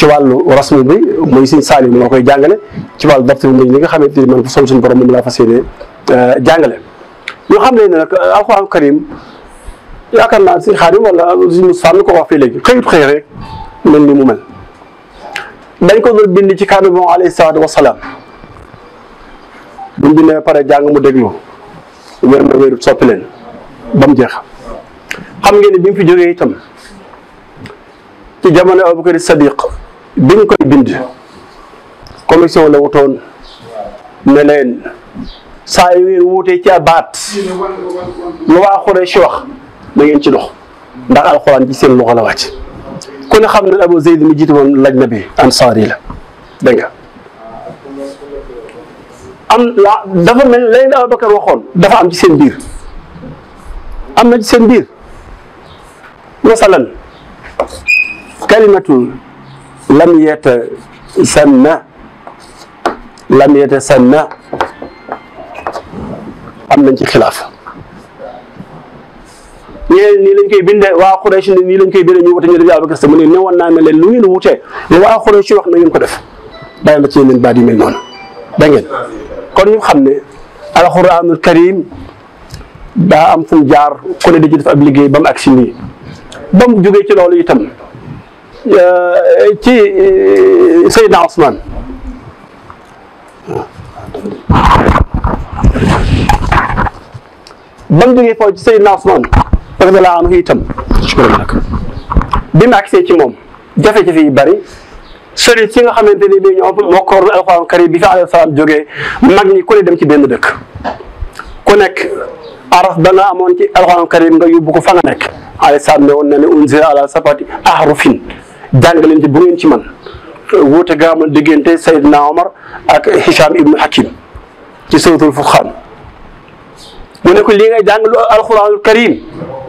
ci wàllu rasmi bi muy sëñ Saliou moo koy jàngale ci wàllu daftar bi li nga xamante ni man son suñu borom moom laa fas yéene euh, jàngale ñu xam ne nag alxuraan karim yaakaar naa si xaadim wala si Moussa mi ko wax fii léegi xëyut xëy rek mel ni mu mel dañ ko doon bind ci kàddu moom alayhi salaatu wasalaam buñ bindee pare jàng mu déglu wér na wéru soppi leen ba mu jeex xam ngeen ne bi mu fi jógee itam ci jamono Abubakar Sadiq bi ñu koy bind commission la wutoon ne leen saa yu ngeen wuutee ci abaat lu waa Quraysh wax ma ngeen ci loxo ndax alxuraan ci seen loxo la wàcc ku ne xam ne Abu Zayd mi jiitu woon na bi ansaari la dégg nga am la dafa mel leen Abubakar waxoon dafa am ci seen biir am na ci seen biir masalan kalimatu lam yatasanna lam yatasanna am nañ ci xilaaf ñeneen nii lañ koy bindee waa Quraysh ne nii lañ koy bindee ñu wute ñu def yaa Abubakar newoon naa leen lu ngeen wutee ne waa Quraysh wax na ko def bàyyi la ci yeneen baat yu mel noonu da kon ñu xam ne alxuraanul karim daa am fu mu jaar ku di ci def ab liggéey bam ak agsi nii ba mu jógee ci loolu itam ci eh, Seydina Ousmane ba mu jógee foofu ci Seydina Ousmane radiyallaahu anhu itam bi mu ci moom jafe-jafe yu bari sëriñ si nga xamante ni bii ñoo mokkoor na alxuraan karim bi fi alayhi salaam jógee mag ñi ku dem ci benn dëkk ku nekk araf ba nga amoon ci alxuraan karim nga yóbbu ko fa nga nekk a salaam ne woon na ne unzila ala sab'ati jàng leen ci bu ngeen ci man wuute gaama diggante Seydina Omar ak Hicham Ibnu Hakim ci suratul Furqaan mu ne ko li ngay jàng lu alxuraanul karim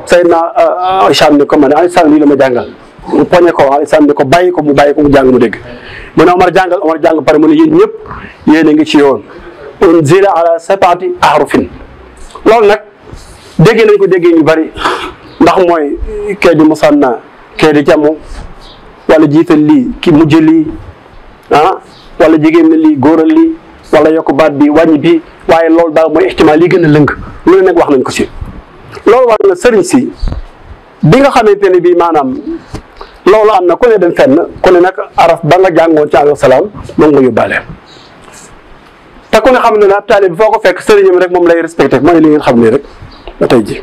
Seydina uh, Hicham ne ko man Alioune Sall lii la ma jàngal mu poñe ko Alioune Sall ko bàyyi ko mu bàyyi ko mu jàng mu dégg mu ne Omar jàngal Omar jàng pare mu ne yéen ñëpp yéen a ngi ci yoon unzila ala sab'ati ahrufin loolu nag dégg nañ ko dégg ñu bari ndax mooy kee di musanna kee di jamu wala jiital lii ki mujj lii ah wala jigéen na lii góoral lii wala yokk baat bi wàññi bi waaye lool daal mooy ixtimaal lii gën a lëng lu ne nag wax nañ ko si loolu war na sëriñ si bi nga xamante ne bii maanaam loolu am na ku ne dem fenn ku ne nag araf ba nga jàngoon ci àll salaam moom nga yóbbaale te ku ne xam ne ab taalibe bi foo ko fekk sëriñam rek moom lay respecté mooy li ngeen xam ne rek ba tey ji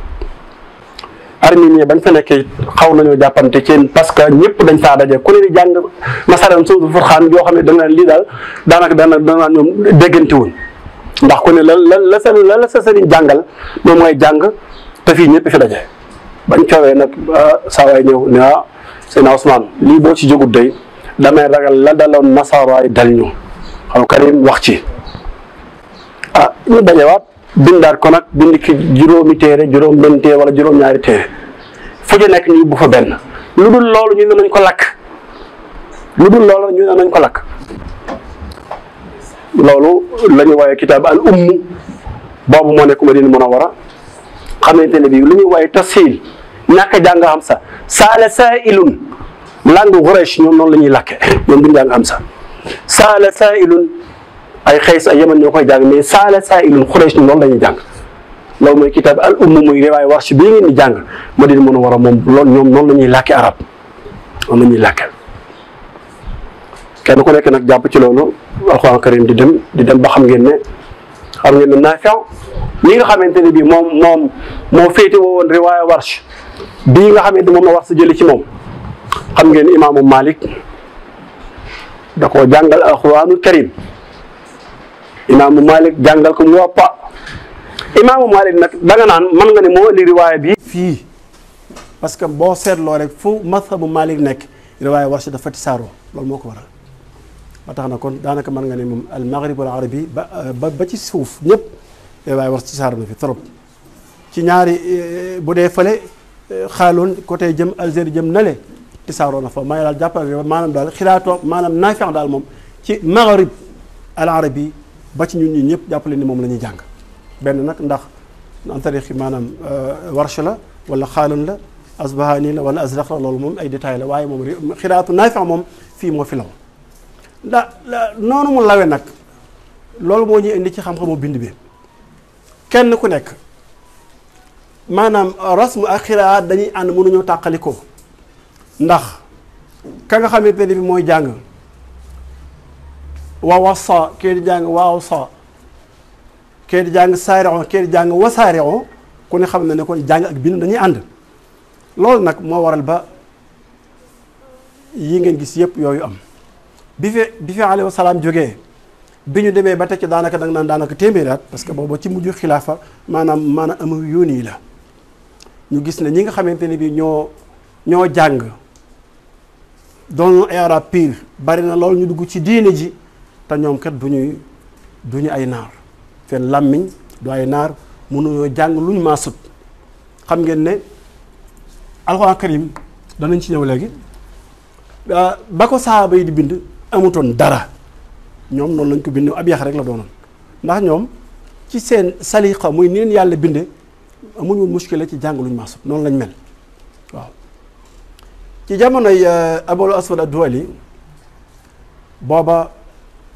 arménie bañ fa nekkee xaw nañoo jàppante ci parce que ñëpp dañ saa daje ku ne di jàng masaram suratul furxaan yoo xam ne danga lii daal daanaka dana dana ñoom déggante wuñ ndax ku ne la la la sa la la sa sëriñ jàngal moom mooy jàng te fii ñëpp fi daje bañ coowee nag ah, saa waay ñëw ne ah seen Ousmane lii boo ci jógut day damay ragal la daloon nasaraay dal ñu xam Karim wax ci ah ñu dajewaat bindaat ko nag bind ki juróomi téere juróom benn téere wala juróom ñaari téere fu ci nekk ñu bu fa benn lu dul loolu ñu ne nañ ko lakk lu dul loolu ñu ne nañ ko lakk loolu la ñu woowee kitaab al umm boobu moo nekk Madina Munawara xamante ne bii lu ñuy woowee tafsiil ñàkk a jàng xam sa saala saailun langue Quraysh ñoom noonu la ñuy lakke ñoom duñ jàng xam sa saala saailun ay xays ay yaman ñoo koy jàng mais saala saa ilun xuraysh ni loolu lañuy jàng loolu mooy kitaab al umm muy riwaay warsh bii ngeen di jàng Madina Munawwara moom loolu ñoom la ñuy làkkee arab noonu la kenn ku nekk nag jàpp ci loolu alxuraan di dem di dem ba xam ngeen ne xam ngeen ne nga xamante ne bii moom moom moo féete woon riwaaya warsh bii nga xamante moom la warsh jëlee ci moom xam ngeen imaamu Malik da koo jàngal alxuraanul karim imaamu Malik jàngal ko Muwatta imaamu Malik nag danga naan mën nga ne moo indi fii parce que boo seetloo rek fu mazhabu Malik nekk riwaaya Warsh dafa ti saaro loolu moo ko waral ba tax na kon daanaka mën nga ne moom al maghrib wal arabi ba ba ci suuf ñëpp riwaaya Warsh ci saaro na fi trop ci ñaari eh, bu dee fële eh, xaaloon côté jëm Algérie jëm nale ti saaro na fa may daal jàppal maanaam daal xilaatoo maanaam naafian daal moom ci maghrib al arabi ba ci ñun ñi ñëpp jàppale ni moom lañuy jàng benn nag ndax an tarixi maanaam euh, warsh la wala xaalun la asbahani la wala azraq la loolu moom ay détails la waaye moom xiraatu naafi moom fii moo fi law da noonu mu lawe nag loolu moo ñuy indi ci xam-xamu bind bi kenn ku nekk maanaam rasmu ak xiraat dañuy ànd mënuñoo tàqalikoo ndax ka nga xamante ne bi mooy jàng wa wasa kee di jàng wa wasa kee di jàng saarion kee di jàng wasaarion ku ne xam na ne kon jàng ak bind dañuy ànd loolu nag moo waral ba yi ngeen gis yëpp yooyu am bi fi bi fi alayhi wasalaam jógee bi ñu demee ba teg ci daanaka dang naan daanaka téeméeri at parce que boobu ci mujj xilaafa maanaam maanaam amu yoon yi la ñu gis ne ñi nga xamante ni bi ñoo ñoo jàng doon ay arab pire bari na loolu ñu dugg ci diine ji te ñoom kat du ñuy du ñu ay naar seen làmmiñ du ay naar mënuñoo jàng lu ñu maa sut xam ngeen ne alxuraan karim danañ ci ñëw léegi ah, ba ko saaba yi di bind amutoon dara ñoom noonu lañ ko bind ab yax rek la doonoon ndax ñoom ci seen saliqa muy ni leen yàlla binde amuñu muskila ci jàng luñ maasut noonu lañ mel waaw ci jamonoy ah, abul aswad duwali booba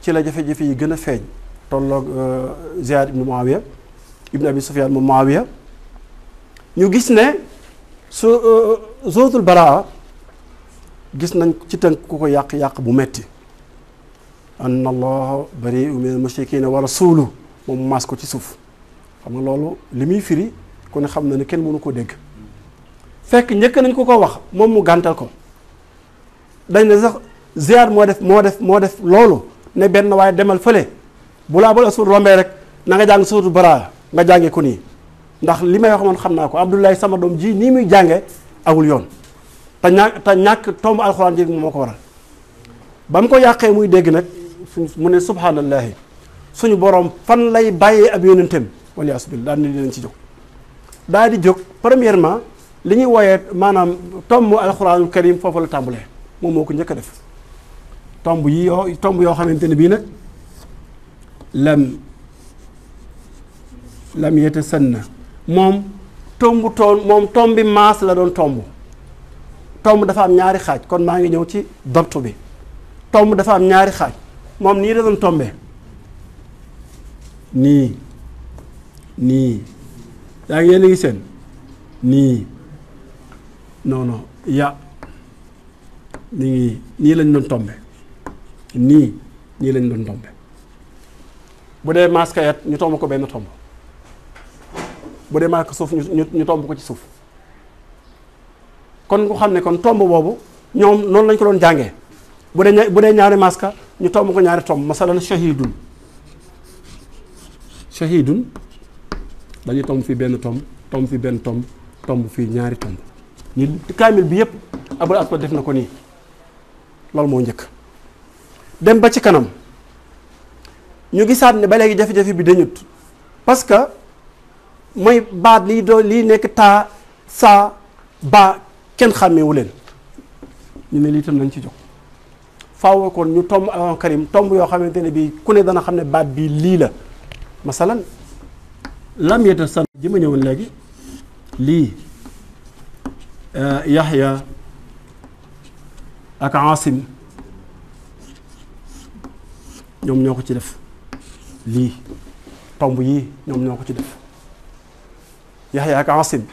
ci la jafe-jafe yi gën a feeñ tolloog euh, Ziyaad ibnu Muawiya ibnu Abi Sufyaan mu Muawiya ñu gis ne su euh, zootul baraa gis nañ ci tënk ku ko yàq-yàq bu metti anna allaha bariu min al mushrikina wa suulu moom maas ko ci suuf xam nga loolu li muy firi ku ne xam na ne kenn mënu ko dégg fekk njëkk nañ ko ko wax moom mu gàntal ko dañ ne sax ziar moo def moo def moo def loolu ne benn waaye demal fële bu laa bal asul rombee rek na nga jàng suuratu baraa nga jànge ko nii ndax li may wax man xam naa ko Abdoulaye sama doom jii nii muy jànge awul yoon te ñàkk te ñàkk tomb alxuraan ji moo ko waral ba mu ko yàqee muy dégg nag mu ne subhaanallahi suñu borom fan lay bàyyee ab yónenteem waliyaasu billaah daal ni leen ci jóg daal di jóg premièrement li ñuy wooyee maanaam tomb alxuraanul karim foofu la tàmbulee moom moo ko njëkk a def tomb yi yoo tomb yoo xamante ne bii nag lam lam yete na moom tomb toon moom tombi maas la doon tomb tomb dafa am ñaari xaaj kon maa ngi ñëw ci dopt bi tomb dafa am ñaari xaaj moom nii la doon tombe nii nii yaa ngi yéen nii non non ya lañ doon tombe nii ñii lañ doon tombe bu dee maskayat ñu tomb ko benn tomb bu dee maaka suuf ñu ñu tomb ko ci suuf kon nga xam ne kon tomb boobu ñoom noonu lañ ko doon jànge bu dee bu dee ñaari maska ñu tomb ko ñaari tomb masalan shahidun shahidun dañuy tomb fii benn tomb tomb fii benn tomb tomb fii ñaari tomb ñu kaamil bi yëpp abul aswad def na ko nii loolu moo njëkk dem ba ci kanam ñu gisaat ne ba léegi jafe-jafe bi dañut parce que mooy baat lii doo lii nekk taa saa ba kenn xàmmeewu leen ñu ne lii itam nañ ci jox faaw kon ñu tomb alxuraan karim tomb yoo xamante ne bii ku ne dana xam ne baat bii lii la masalan lam yeta san ji ma ñëwoon léegi lii eh, yaxya ak asim ñoom ñoo ko ci def lii tomb yii ñoom ñoo ko ci def Yaxya ak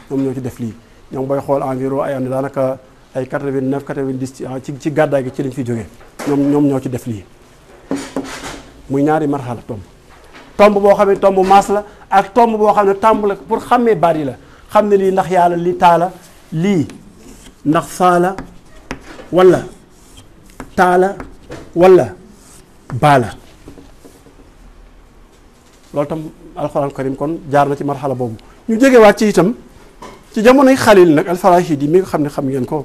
ñoom ñoo ci def lii ñoom booy xool environ ay am daanaka ay 89 90 ah, ci ci gàddaay gi ci lañ fi jógee ñoom ñoom ñoo ci def lii muy ñaari marxala tomb tomb boo xam ne tomb maas la ak tomb boo xam ne tàmb la pour xàmmee baat yi la xam ne lii ndax yàlla li taala lii ndax faala wala taala wala baala loolu tam alxuraan karim kon jaar na ci marxala boobu ñu jógewaat ci itam ci jamonoy xalil nag alfarahid yi mi nga xam ne xam ngeen ko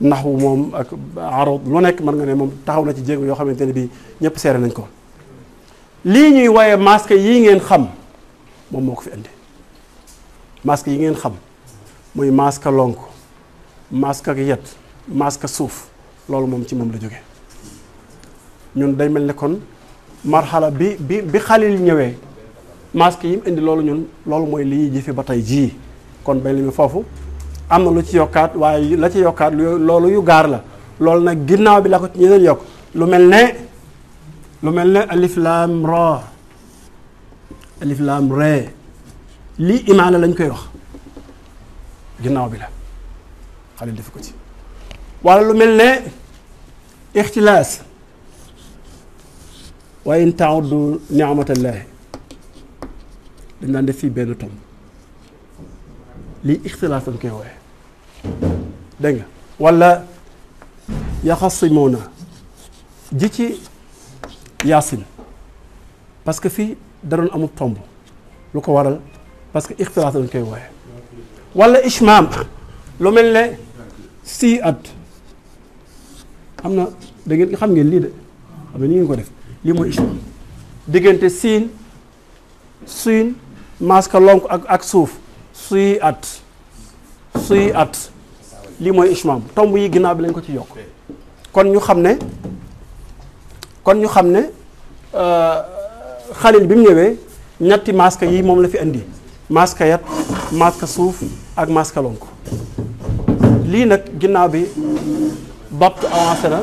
naxu moom ak arab lu nekk mën nga ne moom taxaw na ci jéeg yoo xamante ne bii ñëpp seere nañ ko lii ñuy waaye masque yi ngeen xam moom moo ko fi indi masque yi ngeen xam muy masque lonk masque ak yet masque suuf loolu moom ci moom la jóge ñun day mel ni kon marxala bi bi bi xalil ñëwee masque yi mu indi loolu ñun loolu mooy li ñuy jëfe ba tey jii kon bay li foofu am na lu ci yokkaat waaye la ci yokkaat loolu yu gaar la loolu nag ginnaaw bi la ko ci yokk lu mel ne lu mel ne alif laam ra lii imaana lañ koy wax ginnaaw bi la xalil def ko ci wala lu mel ne tilaas wa in du ni'matallahi dañ daan def fii benn tomb lii ixtilaaf lañ koy wooye dégg nga wala yaxasimoona ji ci yaasin parce que fii da doon amul tomb lu ko waral parce que ixtilaaf lañ koy wooye wala ishmaam lu mel ne sii at am na dangeen ngeen xam ngeen lii de xam ne ni ngeen ko def lii mooy ishmaam diggante siin siin maaska lonk ak ak suuf suy at suy at lii mooy ishmaam tomb yi ginnaaw bi lañ ko ci yokk kon ñu xam ne kon ñu xam ne euh, xalil bi mu ñëwee ñetti maaska yi moom la fi indi maaska yat maaska suuf ak maaska lonk lii nag ginnaaw bi bapt avancé na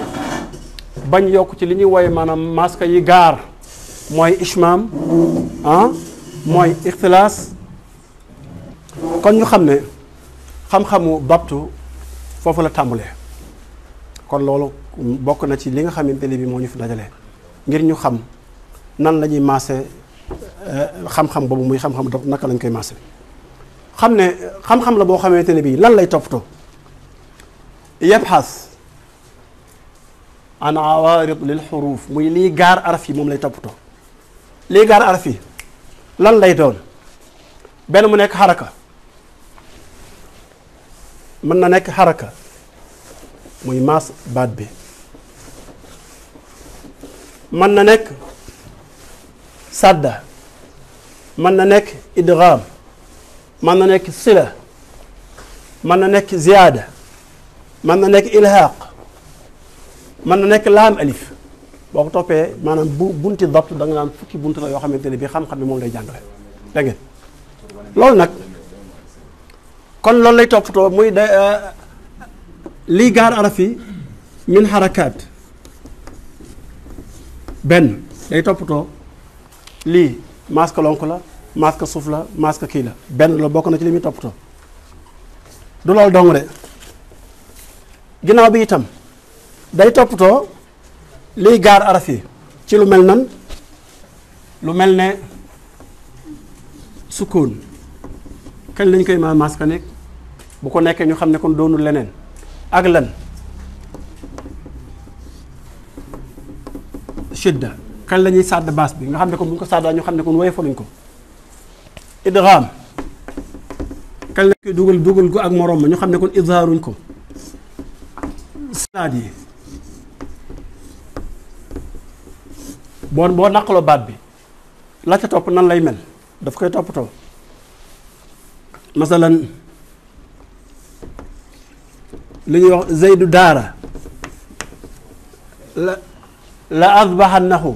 bañ yokk ci li ñuy woye maanaam maaska yi gaar mooy ishmaam ah, mooy ixtilaas kon ñu xam ne xam-xamu baptu foofu la tàmbule kon loolu bokk na ci li nga xamante ne bi moo ñu fi dajale ngir ñu xam nan la ñuy maase euh, xam-xam boobu muy xam-xam daf naka lañ koy maase xam ne xam-xam la boo xamante ne bii lan lay toppatoo yabxas an awaarid lil xuruuf muy lii gaar araf yi moom lay toppatoo lii gaar araf yi lan lay doon benn mu nekk xaraka mën na nekk xaraka muy maas baat bi mën na nekk sadda mën na nekk idgham mën na nekk sila mën na nekk ziyaada mën na nekk ilhaaq mën na nekk laam alif boo ko toppee maanaam bu bunti dabt da nga naan fukki bunt la yoo xamante ne bii xam-xam bi moom lay jàngale dégg ngeen loolu nag kon loolu lay toppatoo muy de euh, lii gaar araf min xarakaat benn day toppatoo lii masque lonk la masque suuf la masque kii la benn la bokk na ci li muy toppatoo du loolu dong de ginnaaw bi itam day toppatoo liy gaar araf yi ci lu mel nan lu mel ne sukkoon kañ lañ koy ma nekk bu ko nekkee ñu xam ne kon doonul leneen ak lan shidda kañ la ñuy sàdd baas bi nga xam ne kon bu ñu ko sàddaa ñu xam ne kon woyofaluñ ko idgham kañ lañ koy dugal dugal ko ak moroom ma ñu xam ne kon izhaaruñ ko sinaat yi boo boo naqaloo baat bi la topp nan lay mel daf koy toppatoo masalan li ñuy wax zeydu daara la la azbahannahu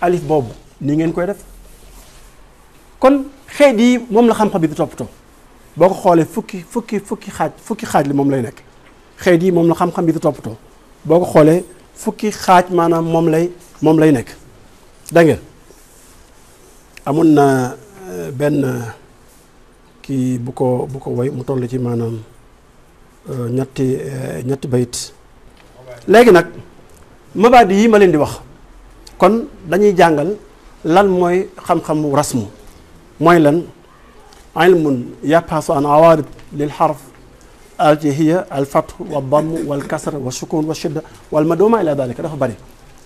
alif boobu ni ngeen koy def kon xeet yi moom la xam-xam bi di toppatoo boo ko xoolee fukki fukki fukki xaaj fukki xaaj li moom lay nekk xeet yi moom la xam-xam bi di toppatoo boo ko xoolee fukki xaaj maanaam moom lay moom lay nekk dégg ngeen na euh, benn kii bu ko bu ko woy mu toll ci maanaam euh, ñetti euh, ñetti bayit léegi nag mabaadi yi ma leen di wax kon dañuy jàngal lan mooy xam-xamu rasmu mooy lan ilmun yapaasu an awarid lil xarf aljihiya alfathu wa damm wal kasr wa sukun wa shidda wal maduma ila dalika dafa bari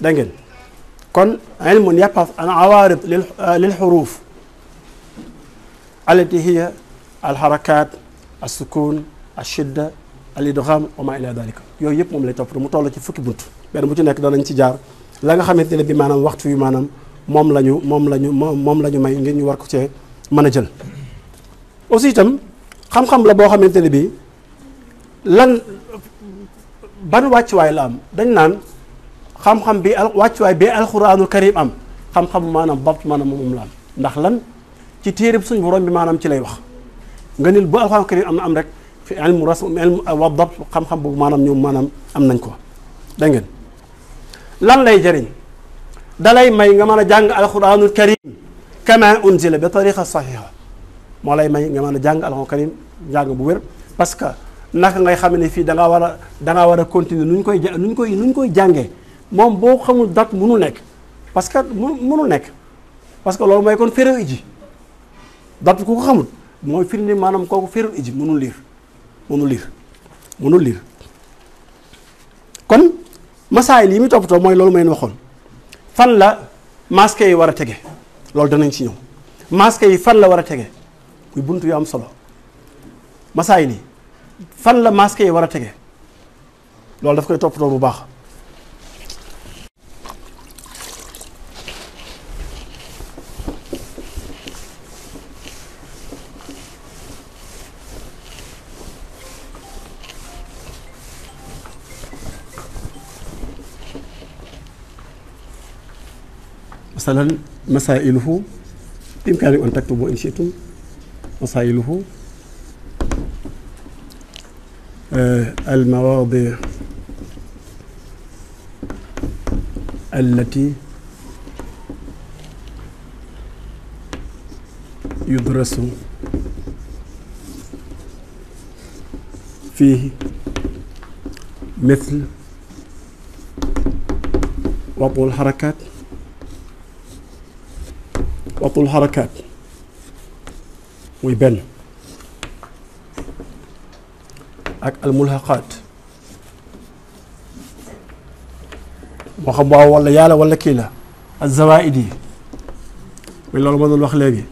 dégg kon ilmun yabxas an awaarid euh, lil xuruuf allati hiya alxarakaat assukun ashidda al idgham wa ma ila dalika yooyu yëpp moom lay topp mu toll ci fukki bunt benn bu ci nekk danañ ci jaar la nga xamante ne bi maanaam waxtu wi maanaam moom la ñu moom la ñu moom la ñu may ngir ñu war ko cee mën a jël aussi itam xam-xam la boo xamante ne bi lan ban wàccuwaay la am dañ naan xam-xam bi al wàccuwaay bi alxuraanul karim am xam-xamu maanaam bapt maanaam moom la ndax lan ci téereb suñu borom bi maanaam ci lay wax nga nil bu alxuraanul karim am na am rek fi ilmu rasm ilmu wa dabt boobu maanaam ñoom maanaam am nañ ko da ngeen lan lay jëriñ dalay may nga mën a jàng alxuraanul karim kama unzila bi tariqa saxiha moo lay may nga mën a jàng alxuraanul karim jàng bu wér parce que naka ngay xam ne fii da ngaa war a da war a continuer nu ñu koy nu koy nu koy jàngee moom boo xamul date mënul nekk parce que mënul nekk parce que loolu mooy kon féréw iji date ku ko xamul mooy firnde maanaam kooku féréw iji munu liir mënul liir mënul liir kon masaay lii muy toppatoo mooy loolu may waxoon fan la masque yi war a tege loolu danañ ci ñëw masque yi fan la war a tege muy bunt yu am solo masaay nii fan la masque yi war a tege loolu daf koy toppatoo bu baax masalan masailuhu imkaani an taktubu in shi'tum masailuhu eh, al mawaadi allati yudrasu fiihi mithl wad'u al harakaat wattul xarakaat muy benn ak almulhaqaat moo xam waaw wala yàlla walla kii la azawaid yi muy loolu ma doon wax léegi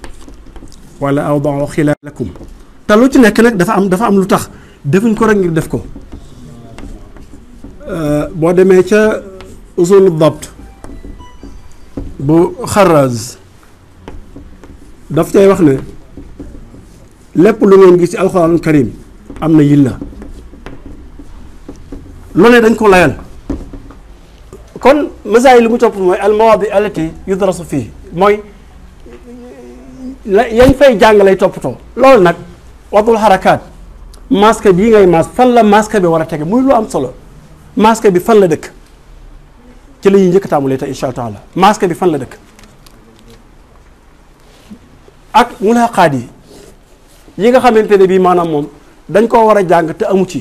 wala awdau xilaalakum te lu ci nekk nag dafa am dafa am lu tax defuñ ko rek ngir def ko euh, boo demee ca usulu dabt bu xaraz daf cay wax ne lépp lu ngeen gis ci alxuraan karim am na yilla lu ne dañ ko layal kon masaay li mu topp mooy al mawaadi allati yudrasu fii mooy la yañ fay jàng lay toppatoo loolu nag wadul xarakaat masque bii ngay masque fan la masque bi war a tege muy lu am solo masque bi fan la dëkk ci la ñuy njëkk tàmbalee te incha allah masque bi fan la dëkk ak mulaqaat yi yi nga xamante ne bii maanaam moom dañ koo war a jàng te amu ci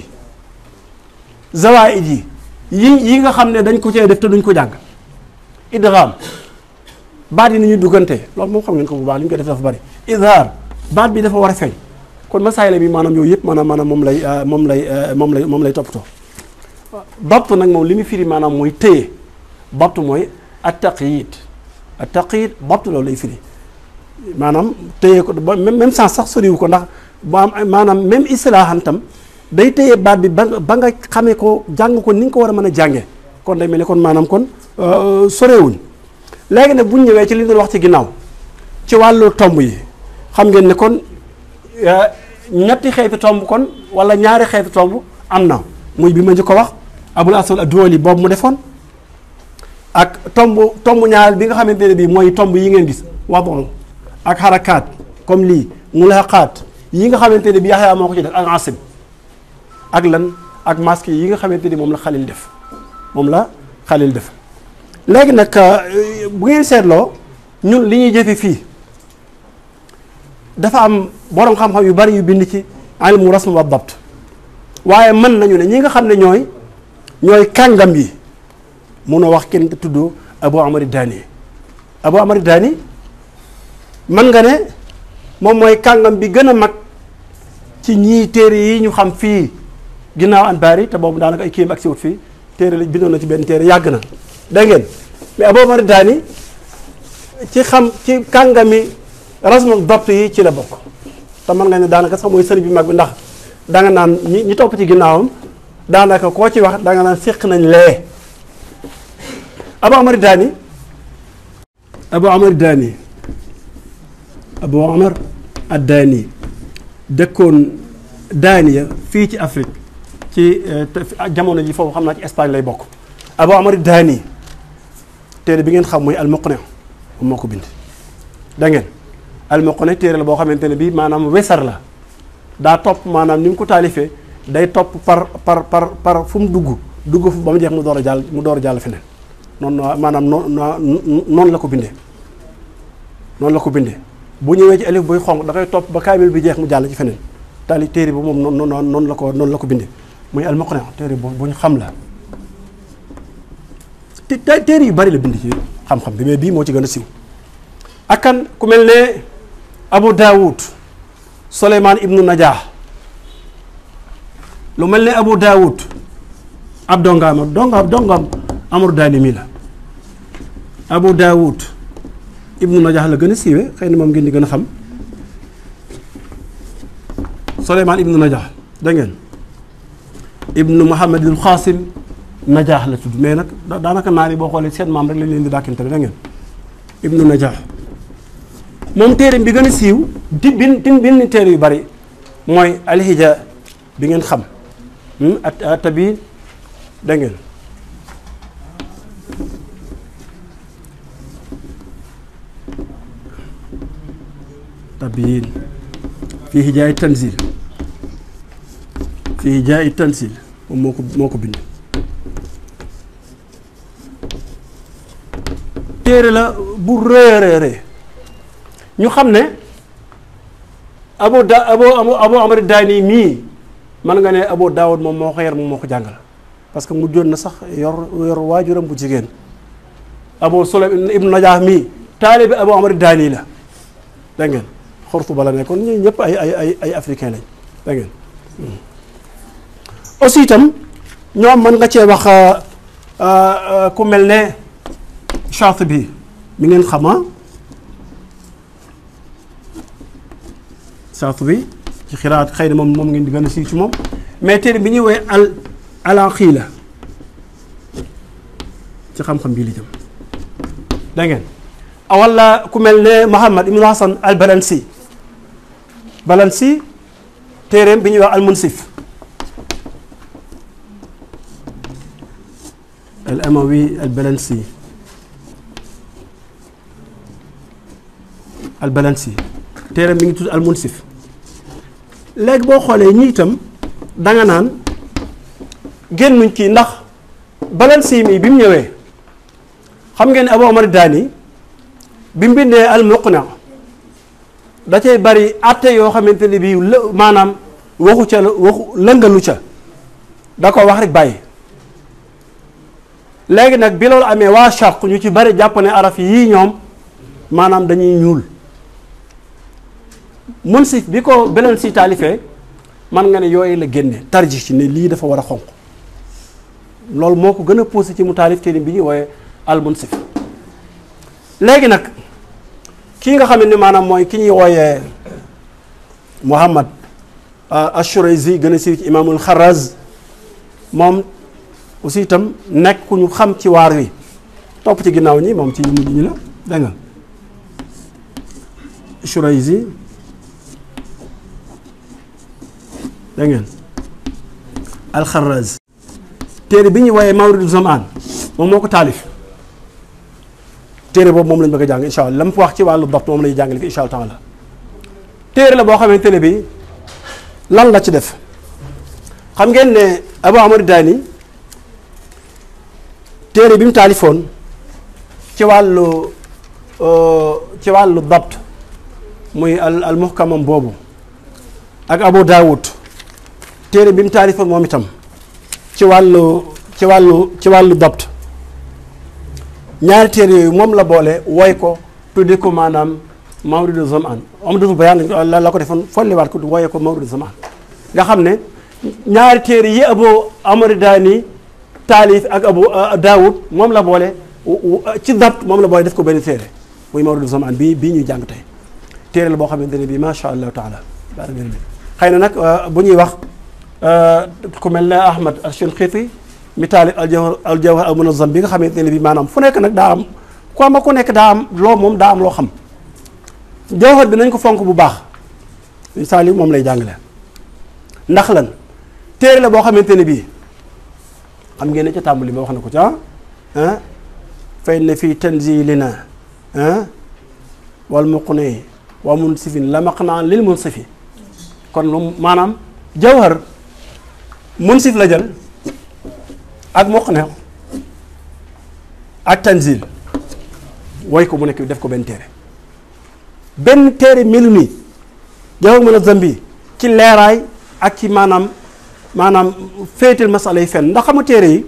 zawaid yi yi yi nga xam ne dañ ko cee def te duñ ko jàng idgham baat yi ni ñuy duggante loolu moom xam ngeen ko bu baax li ñu koy def dafa bari izhar baat bi dafa war a feeñ kon masaayla bi maanaam yooyu yëpp maanaam maanaam moom lay euh, moom lay euh, moom lay moom lay toppatoo dabt nag moom li mu firi maanaam mooy téye dabt mooy at taqyid at taqyid loolu lay firi maanaam téye ko ba même sens sax soriwu ko ndax bu am maanaam même istilaahan tam day téye baat bi ba ba nga xamee ko jàng ko ni nga ko war a mën a jànge kon day mel ni kon maanaam kon euh, sorewuñ léegi nag buñ ñëwee ci li ñu doon wax ci ginnaaw ci wàllu tomb yi xam ngeen ne kon euh, ñetti xeeti tomb kon wala ñaari xeeti tomb am na muy bi ma njëkk ko wax abul aswad ad yi boobu mu defoon ak tomb tomb ñaar bi nga xamante ne bii mooy tomb yi ngeen gis waa bon ak xarakaat comme lii mu la xaat yi nga xamante ne bi yaxyaa moo ko ci def ak asib ak lan ak masque yi nga xamante ni moom la xalil def moom la xalil def léegi nag euh, bu ngeen seetloo ñun li ñuy jëfe fii dafa am boroom xam-xam yu bari yu bind ci ilmu rasm wa dabt waaye mën nañu ne ñi nga xam ne ñooy ñooy kàngam yi munoo wax kenn tudd Abu Amari Daani Abu Amari Daani mën nga ne moom mooy kàngam bi gën a mag ci ñii téere yi ñu xam fii ginnaaw an baari te boobu daanaka ay kii ak si wut fii téere la bindoon na ci benn téere yàgg na dégg ngeen daani ci xam ci kàngami rasmul dabt yi ci la bokk te mën nga ne daanaka sax mooy sëriñ bi mag bi ndax danga naan ñi ñi topp ci ginnaawam daanaka koo ci wax danga naan séq nañ lee Abou Amari Daani Abou Amari Daani Abu Omar ad-Daani dëkkoon Daaniya fii ci Afrique ci eh, jamono ji foofu xam naa ci Espagne lay bokk Abu Omar ad-Daani téere bi ngeen xam mooy al-Muqni moo ko bind da ngeen al téere la boo xamante ne bii maanaam wesar la daa topp maanaam ni mu ko taalifee day topp par par par par fu mu dugg dugg fu ba mu jeex mu door a jàll mu door a jàll feneen noonu maanaam noonu la ko bindee noonu la ko bindee bu ñëwee ci alif buy xonq da topp ba kaamil bi jeex mu jàll ci feneen tali téere bi moom noonu noonu noonu la ko noonu la ko bindee muy almuqni téere bu bu ñu xam la te téere yu bari la bind ci xam-xam bi mais bii moo ci gën a siiw ak kan ku mel ne Abu Daawud Suleymaan ibnu Najah lu mel ne Abu Daawud ab dongaam dongaam dongaam amru daani mi la Abu Daawud ibnu najah la gën a siiwe xëy na moom ngeen di gën a xam soleymaan ibnu najah da ngeen ibnu muhammadul xaasim najah la tudd mais nag daanaka naar yi boo xoolee seen maam rek leen di dàkkantale da ngeen ibnu najah moom téereem bi gën a siiw di bin tin bin téere yu bari mooy alxija bi ngeen xam hmm? atabiin da ngeen tabiin fii hijaay tanzil fii hijaay tanzil moo ko moo ko bind téere la bu réeréeree ñu xam ne abo da abo abo amari daani mii mën nga ne abo daawud moom moo ko yar moom moo ko jàngal parce que mu joon na sax yor yor waajuram bu jigéen abo sulaym ibnu najah mii taalibe abo amari daani la dégg Xortuba la nekkoon ñun ñëpp ay ay ay ay africain lañ da aussi itam ñoom mën nga cee wax euh, euh, ku mel ne Shaatibi mi ngeen xama ah? Shaatibi ci xiraat xëy na moom moom ngeen di gën siiw ci moom mais téere bi ñuy woowee al Al-Aqiila ci xam-xam bii li jëm da walla ku mel ne Muhammad Ibn Hasan al balan si téeréem bi ñuy wax almunsif al amawi al balansi al balansi téeréem bi ngi tudd almunsif léegi boo xoolee ñu itam danga naan génnuñ kii ndax balansi mi bi mu ñëwee xam ngeen ne Abu Omar Daani bi mu bindee al muqna da cay bari atte yoo xamante ne bii la maanaam waxu ca waxu lëngalu ca da ko wax rek bàyyi léegi nag bi loolu amee waa charq ñu ci bari jàpp ne araf yii ñoom maanaam dañuy ñuul mun si bi ko beneen si taalifee man nga ne yooyu la génne tarji ci ne lii dafa war a xonq loolu moo ko gën a poussé ci mu taalif téere bi ñuy wooye almunsif léegi nag kii nga xam ne maanaam mooy ki ñuy wooyee Muhammad ah, Ashurayzi gën a siiw ci imaamul Xaraz moom aussi itam nekk ku ñu xam ci waar wi topp ci ginnaaw ñi moom ci ñu mujj ñi la dégg nga Ashurayzi al Xaraz téere bi ñuy wooyee Mawridu Zamaan moom moo ko taalif téere boobu moom lañ bëgg a jàng incha allah la mu wax ci wàllu dabt moom la ñuy jàngale fi incha allah téere la boo xamante ne bi lan la ci def xam ngeen ne Abu Amr Daani téere bi mu taalifoon ci wàllu euh, ci wàllu dabt muy al boobu ak Abu téere bi mu taalifoon moom itam ci wàllu ci wàllu ci wàllu dabt ñaari téere yooyu moom la boole woy ko tudde ko maanaam mawridu zamaan amadu bayaan la la ko defoon folliwaat ko woye ko mawridu zamaan nga xam ne ñaari téere yi abo amari daani taalif ak abu euh, daawud moom la boole ci dapt moom la boole def ko benn téere muy mawridu zamaan bi bii ñuy jàng tey téere la boo xamante ne bii macha allahu taala xëy na nag euh, bu ñuy wax euh, ku mel ne Ahmad al Shunqiti mi taalib aljawhar al munazzam bi nga xamante ne bi maanaam fu nekk nag daa am ku am ku nekk daa am loo moom daa am loo xam jawhar bi nañ ko fonk bu baax sëñ Saaliw moom lay jàngale ndax lan téere la boo xamante ne bii xam ngeen ne ca tàmbali ma wax na ko ca ah, fay na fii tanzilina ah wal muqni wa munsifin la maqnaa lil munsifi kon lu maanaam jawhar munsif la jël ak Muqna ak Tanzil woy ko mu nekk def ko benn téere benn téere melu nii jaww mën a zambi ci leeraay ak ci maanaam maanaam féetal masala yi fenn ndax xam nga téere yi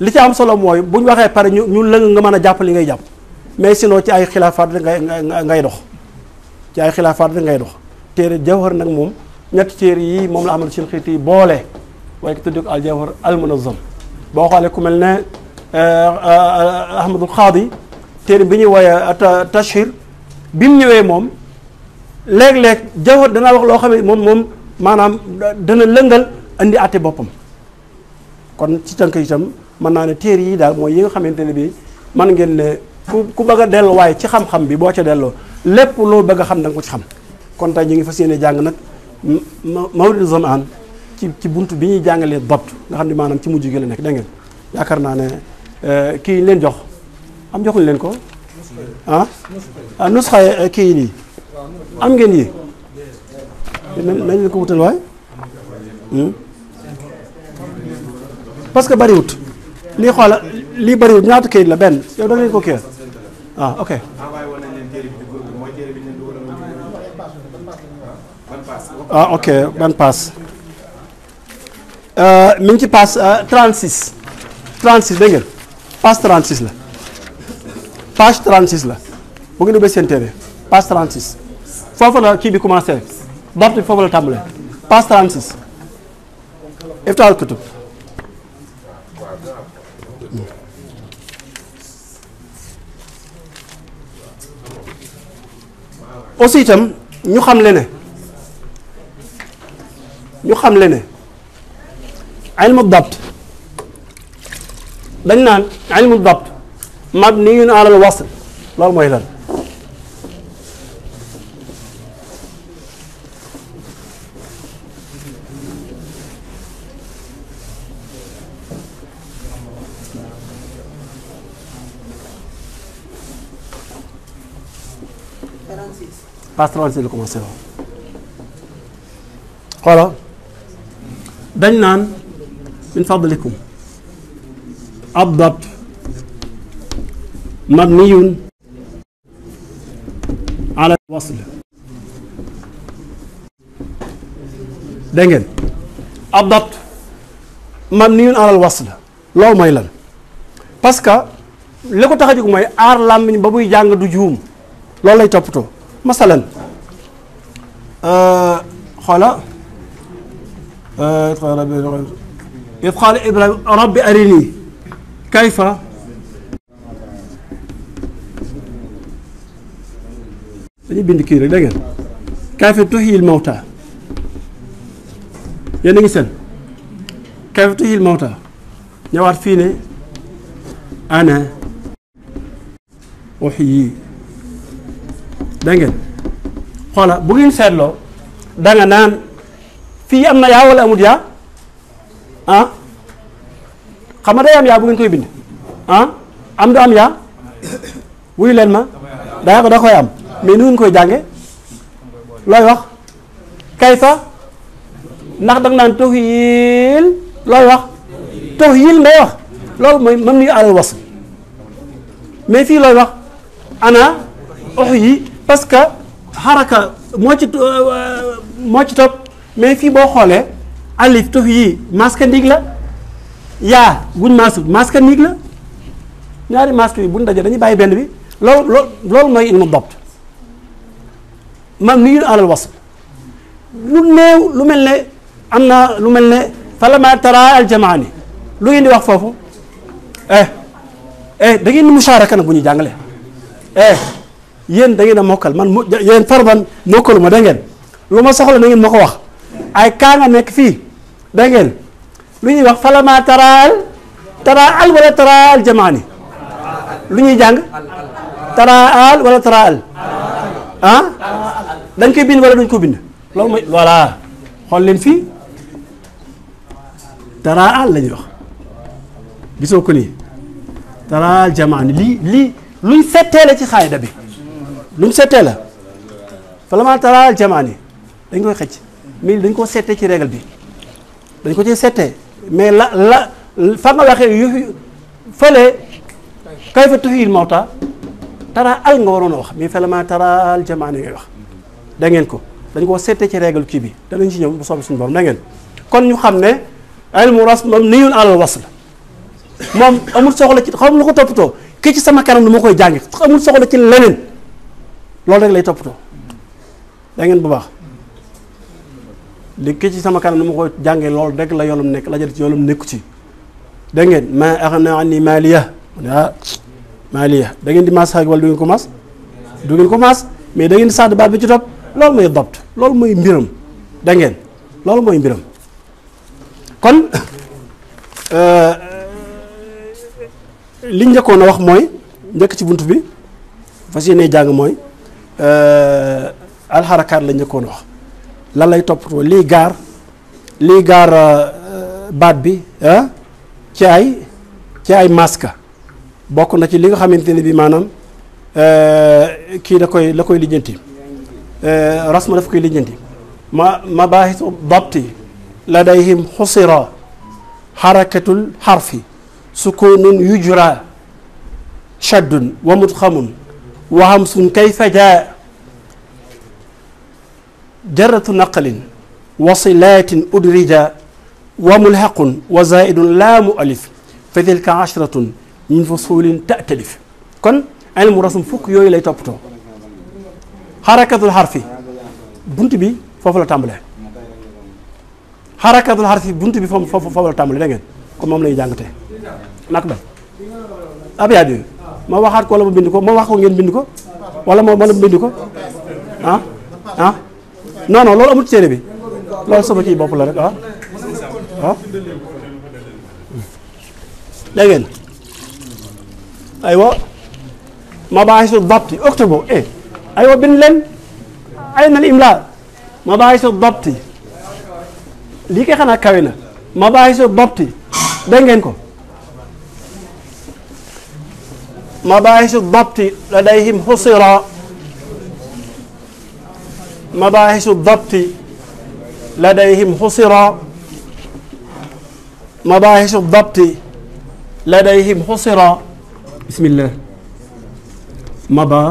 li ci am solo mooy buñ waxee pare ñu ñu lëng nga mën a jàpp li ngay jàpp mais sinon ci ay xilaafaat ngay ngay dox ci ay xilaafaat ngay dox téere jawhar nag moom ñetti téere yi moom la amal seen xiit yi boole waaye ko tudd ko al jawhar al munazzam boo xoolee ku mel ne euh, euh, Ahmadul Xaadi téere bi ñuy wooye euh, tashhir bi mu ñëwee moom léeg-léeg jawhar danaa wax loo xam ne moom moom maanaam dana lëngal indi àtte boppam kon ci tënk itam mën naa ne téere yi daal mooy yi nga xamante ne bi mën ngeen ne ku ku bëgg a delloo waaye ci xam-xam bi boo ca delloo lépp loo bëgg xam da nga ko ci xam kon tey ñu ngi fas yéene jàng nag Mawridu Zamaan ci ci bunt bi ñuy jàngalee dabt nga xam ne maanaam ci mujj gi la nekk dégg ngeen yaakaar naa ne euh, kii leen jox am joxuñ leen ko ah ah nusxa euh, kii nii am ngeen yi nañ leen ko wutal waay hmm? parce que bariwut lii xoola lii bariwut ñaata kayit la benn yow da ngeen ko kii ah ok ah, ok ban paas Euh, mu ngi ci passe 36 euh, 36 dégg ngeen passe 36 la page 36 la bu ngeen ubbee seen téere passe 36 foofu la kii bi commencé date bi foofu la tàmbalee passe 36 iftaal kutub aussi itam ñu xam le ne ñu xam le ne ilmu dabt dañ naan ilmu dabt mabniyun alal wasl loolu mooy lan page 36 la commencé woon xoola dañ naan min fadlikum الضبط مبني على الوصل dégg ngeen الضبط مبني على الوصل loolu mooy lan parce que li ko tax a jóg mooy aar làmmiñ ba muy jàng du juum loolu lay toppatoo masalan euh, xoola euh, إذ قال إبراهيم رب أرني كيف dañuy bind kii rek dégg ngeen kayfa tuxyil mawta yéen a ngi seen kayfa tuxyil mawta ñëwaat fii ne ana uxyi dégg xoola bu ngeen seetloo da naan fii am na yaa wala amut yaa ah nga day am yaa bu ngeen koy bind ah am du am yaa wuyu leen ma daa ko da koy am mais nu ngeen koy jànge looy wax kayfa ndax danga naan toxyil looy wax toxyil ngay wax loolu mooy mam ni alal was mais fii looy wax ana uhyi parce que xaraka moo ci euh, moo ci topp mais fii boo xoolee alif tuf yii masque ndiig la yaa buñ maasut masque ndiig la ñaari masque yi buñ daje dañuy bàyyi benn bi loolu loolu loolu mooy ilmu dabt man ni ñu alal wasl lu néew lu mel ne am na lu mel ne falama tara aljamaani lu ngeen di wax foofu eh eh da ngeen di musaaraka nag bu ñuy jàngale eh yéen da ngeen mokkal man mu yéen farban mokkalu ma da ngeen lu ma soxla na ngeen ma ko wax ay kaa nga nekk fii da ngeen lu ñuy wax falama taraal taraal wala taraal jamaani lu ñuy jàng taraal wala taraal ah dañ koy bind wala duñ ko bind loolu mooy voilà xool leen fii tara la ñuy wax gisoo ko nii taraal jamaani lii lii luñ settee la ci xaayda bi luñ settee la falama taraal jamaani dañ koy xëcc mais dañ koo settee ci régal bi dañ ko ci settee mais la la fa nga waxee yu fële kayfa tuhil mawta tara al nga waroon a wax mais felamaa tara al jamaane ngay wax da ngeen ko dañ koo settee ci règle kii bi danañ ci ñëw bu soobee suñu borom da kon ñu xam ne ilmu ras moom niyun alal wasl moom amul soxla ci xam lu ko toppatoo kii ci sama kanam lu ma koy jàngi amul soxla ci leneen loolu rek lay toppatoo dangeen bu baax léegi ki sama kanam nu ma ko jàngee loolu rek la yoonam nekk la jël ci yoonam nekku ci dégg ngeen ma axna anni maaliya ah maaliya da ngeen di maas xaag wala du ngeen ko maas du ngeen ko maas mais da ngeen di sàdd baat bi ci topp loolu mooy dabt loolu mooy mbiram da ngeen loolu mooy mbiram kon euh, li njëkkoon a wax mooy njëkk ci bunt bi fas yéene jàng mooy euh, alxarakaat la njëkkoon a wax lan lay toppatoo lii gaar lii gaar euh, baat bi ci ay ci ay maska bokk na ci li nga xamante ne bi maanaam euh, kii da koy la koy lijjanti euh, rasma daf koy lijjanti ma mabaahisu dabti ladayhim xusira xarakatul xarfi sukunun yujra shaddun wa mutxamun wa hamsun kayfa jaa jaratu naqalin wasilaatin udrija wa mulhaqun wa zaidun laa mu alif fa tilka min fusulin ta'talif kon ilmu rasm fukk yooyu lay toppatoo xarakatul xarfi bunt bi foofu la tàmbalee xarakatul xarfi bunt bi foofu foofu la tàmbalee da ngeen moom lay jàngatee nak ba abiyaat yooyu ma waxaat ko wala ma bind ko ma wax ko ngeen bind ko wala ma mën bind ko ah ah non lool loolu amul ci téere bi loolu sama kii bopp la rek ah ah dégg ngeen aywa eh. aywa bind leen ay na imla mabaahisu dabti lii kay xanaa kawe na mabaahisu dabti dégg ngeen ko mabaahisu dabti ladayhim xusira مباحث الضبط لديهم حصر مباحث الضبط لديهم حصر بسم الله مبا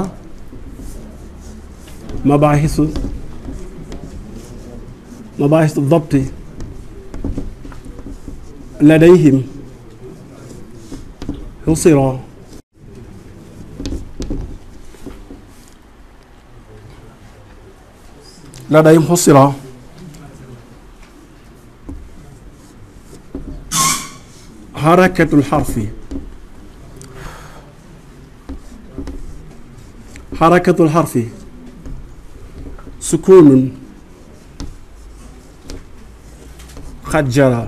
مباحث مباحث الضبط لديهم حصر لديهم حصل حركة الحرف حركة الحرف سكون قد جرى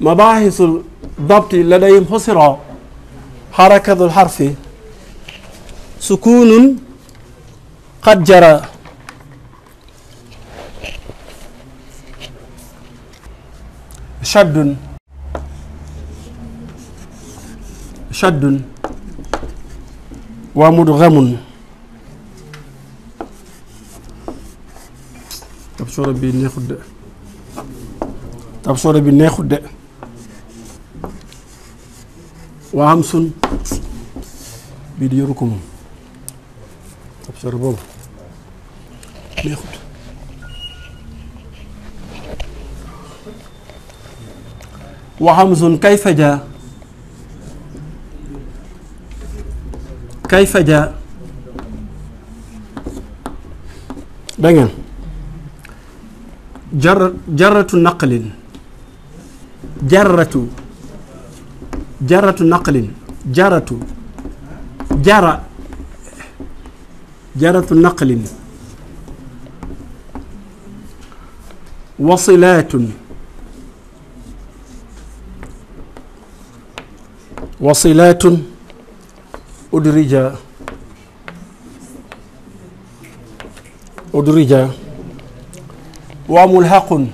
مباحث الضبط لديهم حصر حركة الحرف sukuunun qad jara shaddun shaddun wa mudghamun tabsoro bi neexut de tabsoro bi neexut de wa hamsun bii di yoru ko moom cër boobu neexut wa hamzun kayfa jaa kayfa jar jaratu naqlin jaratu jaratu naqlin jaratu jara jaratu naqlin wasilaatun wasilaatun udrija udrija wa mulhaqun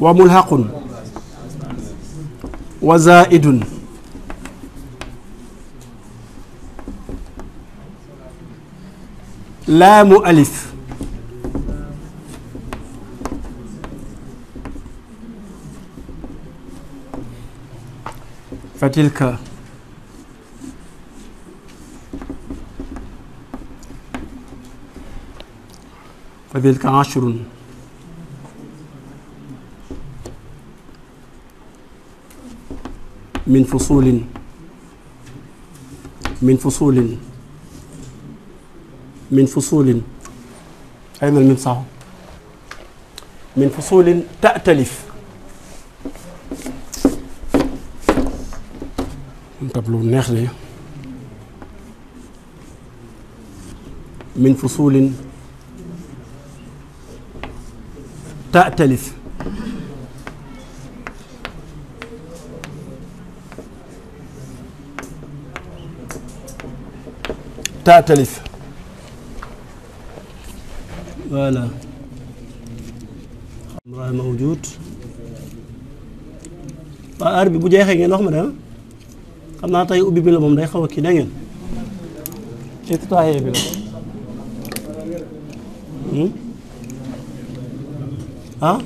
wa mulhaqun wa zaidun laamu alif fatilka fatilka ashrun min fusulin min fusulin min fusuulin ayna al-mimsaahu min fusuulin ta'talif tablu neex ne min fusuulin ta'talif ta'talif voilà amra mawjud waaw aar bi bu jeexee ngeen wax ma dama ah. xam naa tey ubbi bi la moom day xaw kii da ngeen ci tutoyé bi la hmm? ah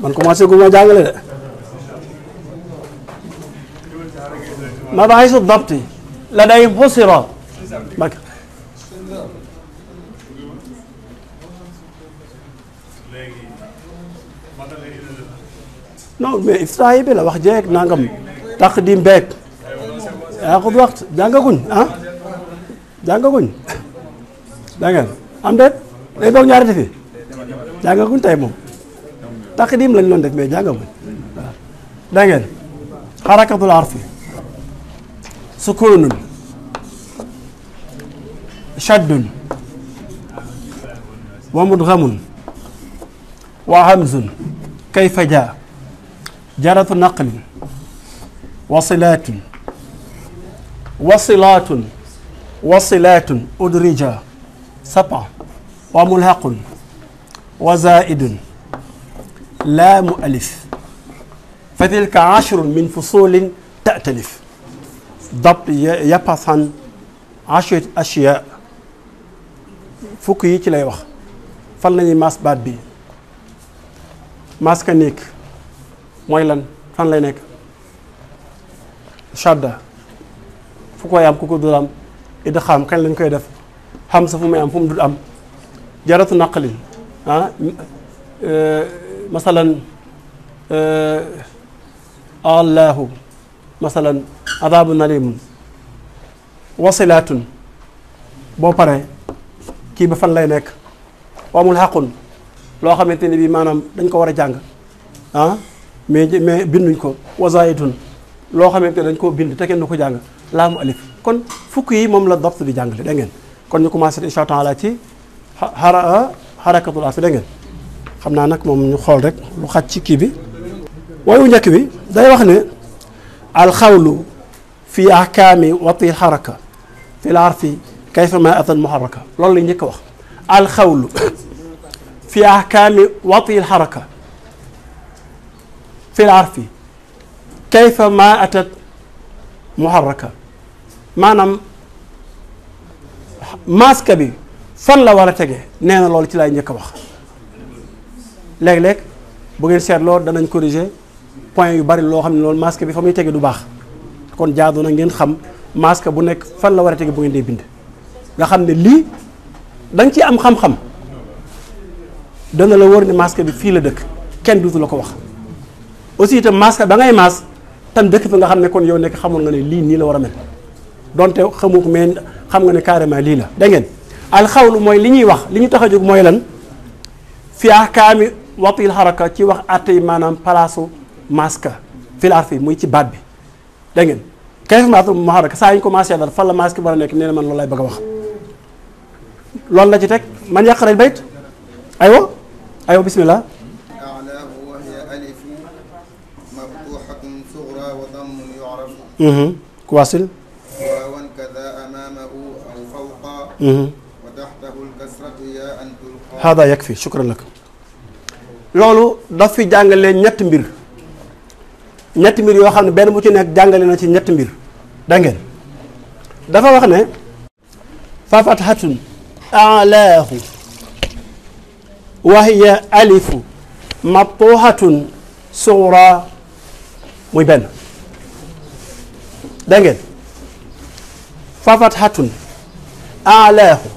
man commencé gu ma jàngale de mabaahisu dabti la day fusira Mbacke. non mais iftaay bi la wax jeeg nangam tax di mbeek yaa ko wax jàngaguñ ah jàngaguñ da ngeen am déet day doog ñaari defi jàngaguñ tey moom taqdim lañ doon def mais jàngaguñ waaw da ngeen xarakatul arfi sukunun shaddun wa mudgamun wa hamzun kayfa jaa jaratu naqlin wasilaatun wasilaatun wasilaatun udrija saba wa mulhaqun wa zaidun laamu alif fa tilka ashrun min fusulin ta'talif dab yapasan ashrat ashyaa fukk yi ci lay wax fan lañuy ñuy baat bi maas ka néeg mooy lan fan lay nekk shadda fu koy am ku ko dul am idxaam kañ lañ koy def xam sa fu muy am fu mu dul am jaratu naqlin ah eh, masalan eh, allahu masalan adaabu nalimun wasilaatun boo paree kii ba fan lay nekk wa amul loo xamante ne bii maanaam dañ ko war a jàng ah mais mais binduñ ko wazaayitun loo xamante dañ koo bind te kenn du ko jàng laamu alif kon fukk yi moom la dopt di jàngale da ngeen kon ñu commencé incha allah taala ci xara xarakatul asli da ngeen xam naa nag moom ñu xool rek lu xaj ci kii bi wayu njëkk bi day wax ne alxawlu fi ahkaami wati xaraka fi larfi kayfa ma atal muharraka loolu la njëkk a wax alxawlu fi ahkaami wati lxaraka fi l arfi kayfa ma atat muharraka maanaam masque bi fan la war a tege nee na loolu ci lay njëkk a wax léeg-léeg bu ngeen lool danañ corriger point yu bari loo xam ne loolu masque bi fa muy tege du baax kon jaadu na ngeen xam masque bu nekk fan la war a tege bu ngeen dee bind nga xam ne lii danga ci am xam-xam dana la wóor ne masque bi fii la dëkk kenn duutu la ko wax aussi itam masque ba ngay maas tam dëkk fi nga xam ne kon yow nekk xamoon nga ne lii nii la war a mel donte xamoo ko mais xam ne carrément lii la da ngeen alxawlu mooy li ñuy wax li ñu tax a jóg mooy lan fi ahkaami watil xaraka ci wax àtte yi maanaam palaasu masque fil arfi muy ci baat bi da ngeen kayfa maatu mu xaraka saa yi ñu ko maasee dara fan la masque bi war a nekk nee na man loolu lay bëgg a wax loolu la ci teg man yàq nañ bayit aywa aywa bismillah كواصل واو كذا أمامه أو فوقا وتحته الكسرة ياء تلقى هذا يكفي شكرا لك loolu daf fi jàngale ñetti mbir ñetti mbir yoo xam ne benn bu ci nekk jàngale na ci ñetti mbir da dafa wax ne fa fathatun alaahu wa hiya alifu matuhatun suura muy benn dégg ngeen fa fathatun alaahu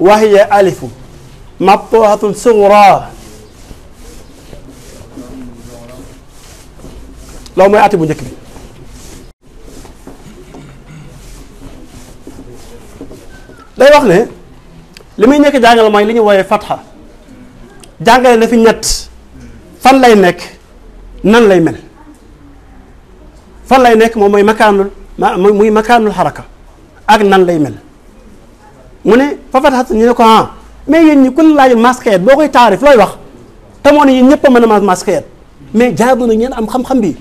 wa hiya alifu matuhatun suura loolu mooy ati bu njëkk bi day wax ne li muy nekk jàngal mooy li ñu wooyee fatxa jàngale na fi ñett fan lay nekk nan lay mel fan lay nekk moom mooy makaanul ma muy makaanul xaraka ak nan lay mel mu ne fa fatxa ñu ne ko ah mais yéen ñi ku la laaj masquette boo koy taarif looy wax te moo ne yéen ñëpp a mën a masquette mais jaadu na ngeen am xam-xam bi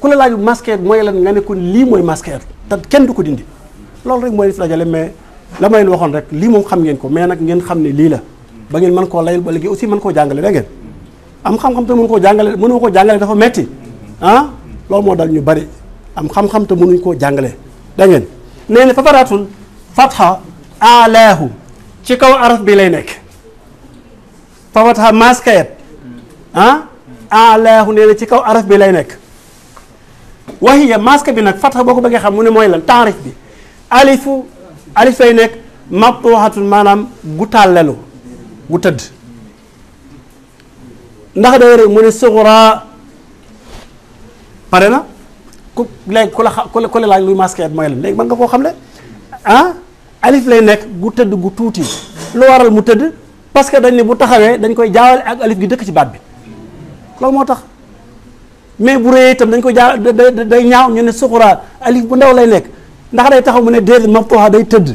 ku la laaj masquette mooy lan nga ne ko lii mooy masquette te kenn du ko dindi loolu rek mooy def dajale mais. la ma leen waxoon rek lii moom xam ngeen ko mais nag ngeen xam ne lii la ba ngeen mën koo layal ba léegi aussi mën koo jàngale da am xam-xam te mënu koo jàngale mënu koo jàngale dafa metti ah loolu moo ñu bari am xam-xam te mënuñ koo jàngale da nee na fafaraatul fatha alaahu ci kaw araf bi lay nekk fafatha maskayet ah alaahu nee na ci kaw araf bi lay nekk waxiya maska bi nag fatha boo ko bëggee xam mu ne mooy lan taarif bi alifu alif say nekk maqtuuxatun maanaam gu tàllelu gu tëdd ndax day rek mu ne na ku léegi ku la xa ku la mën nga koo xam le ah alif lay nekk gu tëdd gu tuuti lu waral mu tëdd parce que dañ ne bu taxawee dañ koy jaawale ak alif gi dëkk ci baat bi loolu moo tax mais bu rëyee itam dañ koy jaa day ñaaw ñu ne suxura alif bu ndaw lay nekk ndax day taxaw mu ne déedéet maftuha day tëdd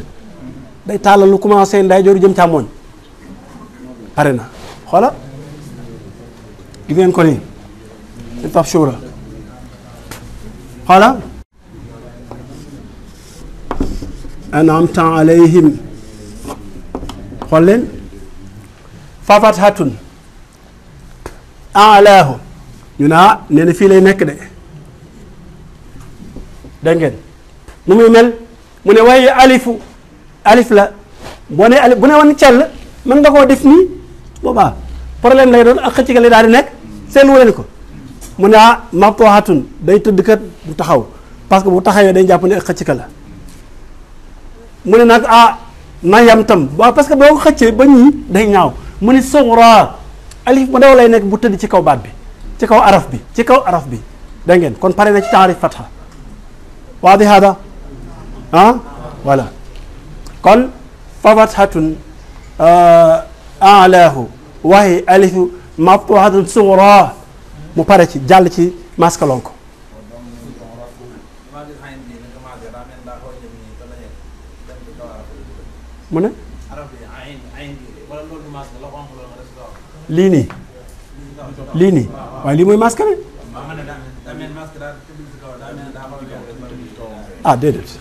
day tàllal lu commencé nday jooru jëm càmmooñ pare na xoola gis ngeen ko nii si pap suura xoola anamta alayhim xool leen fafat hatun alaahu ñu naa ah nee na fii lay nekk de dégg ngeen nu muy mu ne waaye alifu alif la boo ne alif bu ne woon cell mën nga koo def nii boobaa problème lay doon ak xëcc ga lay daal di nekk seetlu leen ko mu ne ah maqtuhatun day tëdd kat taxaw parce que bu taxawee day jàpp ne ak la mu ne nag ah na yam tam waaw parce que boo xëccee ba ñii day ñaaw mu ne sughra alif bu ndaw lay nekk bu tëdd ci kaw baat bi ci kaw araf bi ci kaw araf bi da ngeen kon pare na ci taarif fatha waadi hada ah voilà kon fafathatun euh, alaahu waaye alifu maftuhatun sughra mu pare ci jàll ci maskalon ko mu ne lii nii lii nii waaye lii mooy maskale ah déedéet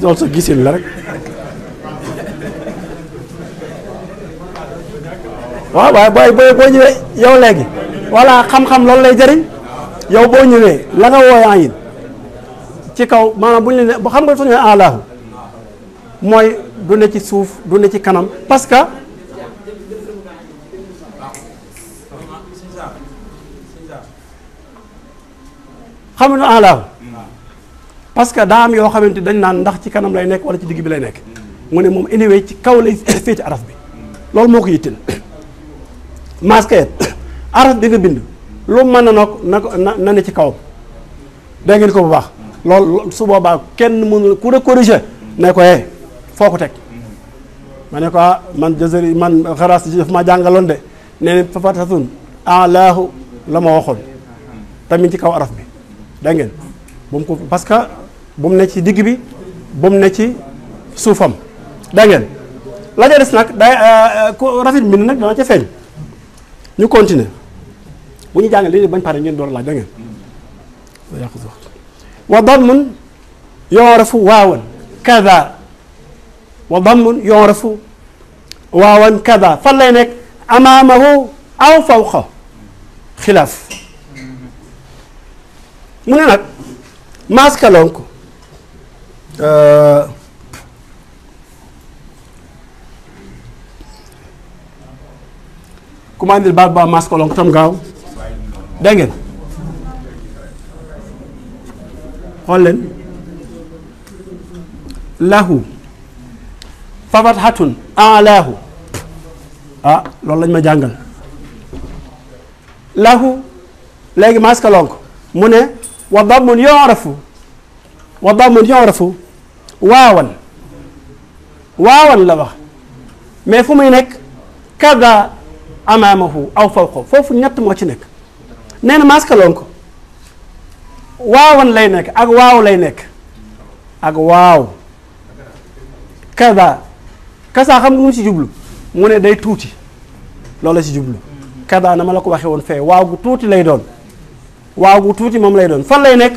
loolu sa gisin la rek waaw waaye booy booy boo ñëwee yow léegi voilà xam-xam la lay jëriñ yow boo ñëwee la nga wooyee ayin ci kaw maanaam bu ñu leen ne xam nga su ñu alaahu mooy du ne ci suuf du ne ci kanam parce que xam nga alaahu parce que daa am yoo xamante dañ naan ndax ci kanam lay nekk wala ci digg bi lay nekk mu ne moom anyway ci kaw lay féete araf bi loolu moo ko yitteel masque araf bi nga bind lu mën na na ko ne ci kaw dégg ngeen ko bu baax loolu su boobaa kenn mënul ku corriger ne ko eh foo ko teg ma ne ko ah, man jazari man xaraas daf ma jàngaloon de nee na fafatatun alaahu la ma waxoon tamit ci kaw araf bi dégg ngeen ko parce bu mu ne ci digg bi bu mu ne ci suufam da ngeen la ca des nag day euh, euh, ku rafet mbind nag dana ca feeñ ñu continuer bu ñu jàngalee léegi bañ pare ngeen door laaj da ngeen wa dammun yoorafu waawan kada wa dammun yoorafu waawan kada fan lay nekk amaamahu aw fawqa xilaaf mu ne nag maaskalonk Euh, comment dire baal ba maskolong tam gaaw dégg ngeen xool leen lahu fabat hatun alaahu ah loolu lañ ma jàngal lahu léegi maskolong mu ne wa damun yoorafu wa damun yu'rafu waawan waawan la wax mais fu muy nekk kada amaamahu aw fawqo foofu ñett moo ci nekk nee na maskaloon ko waawan lay nekk ak waaw lay nekk ak waaw kada kasaa xam nga mu ci jublu mu ne day tuuti loolu ci jublu kada na ma la ko waxee woon fee waaw gu tuuti lay doon waaw gu tuuti moom lay doon fan lay nekk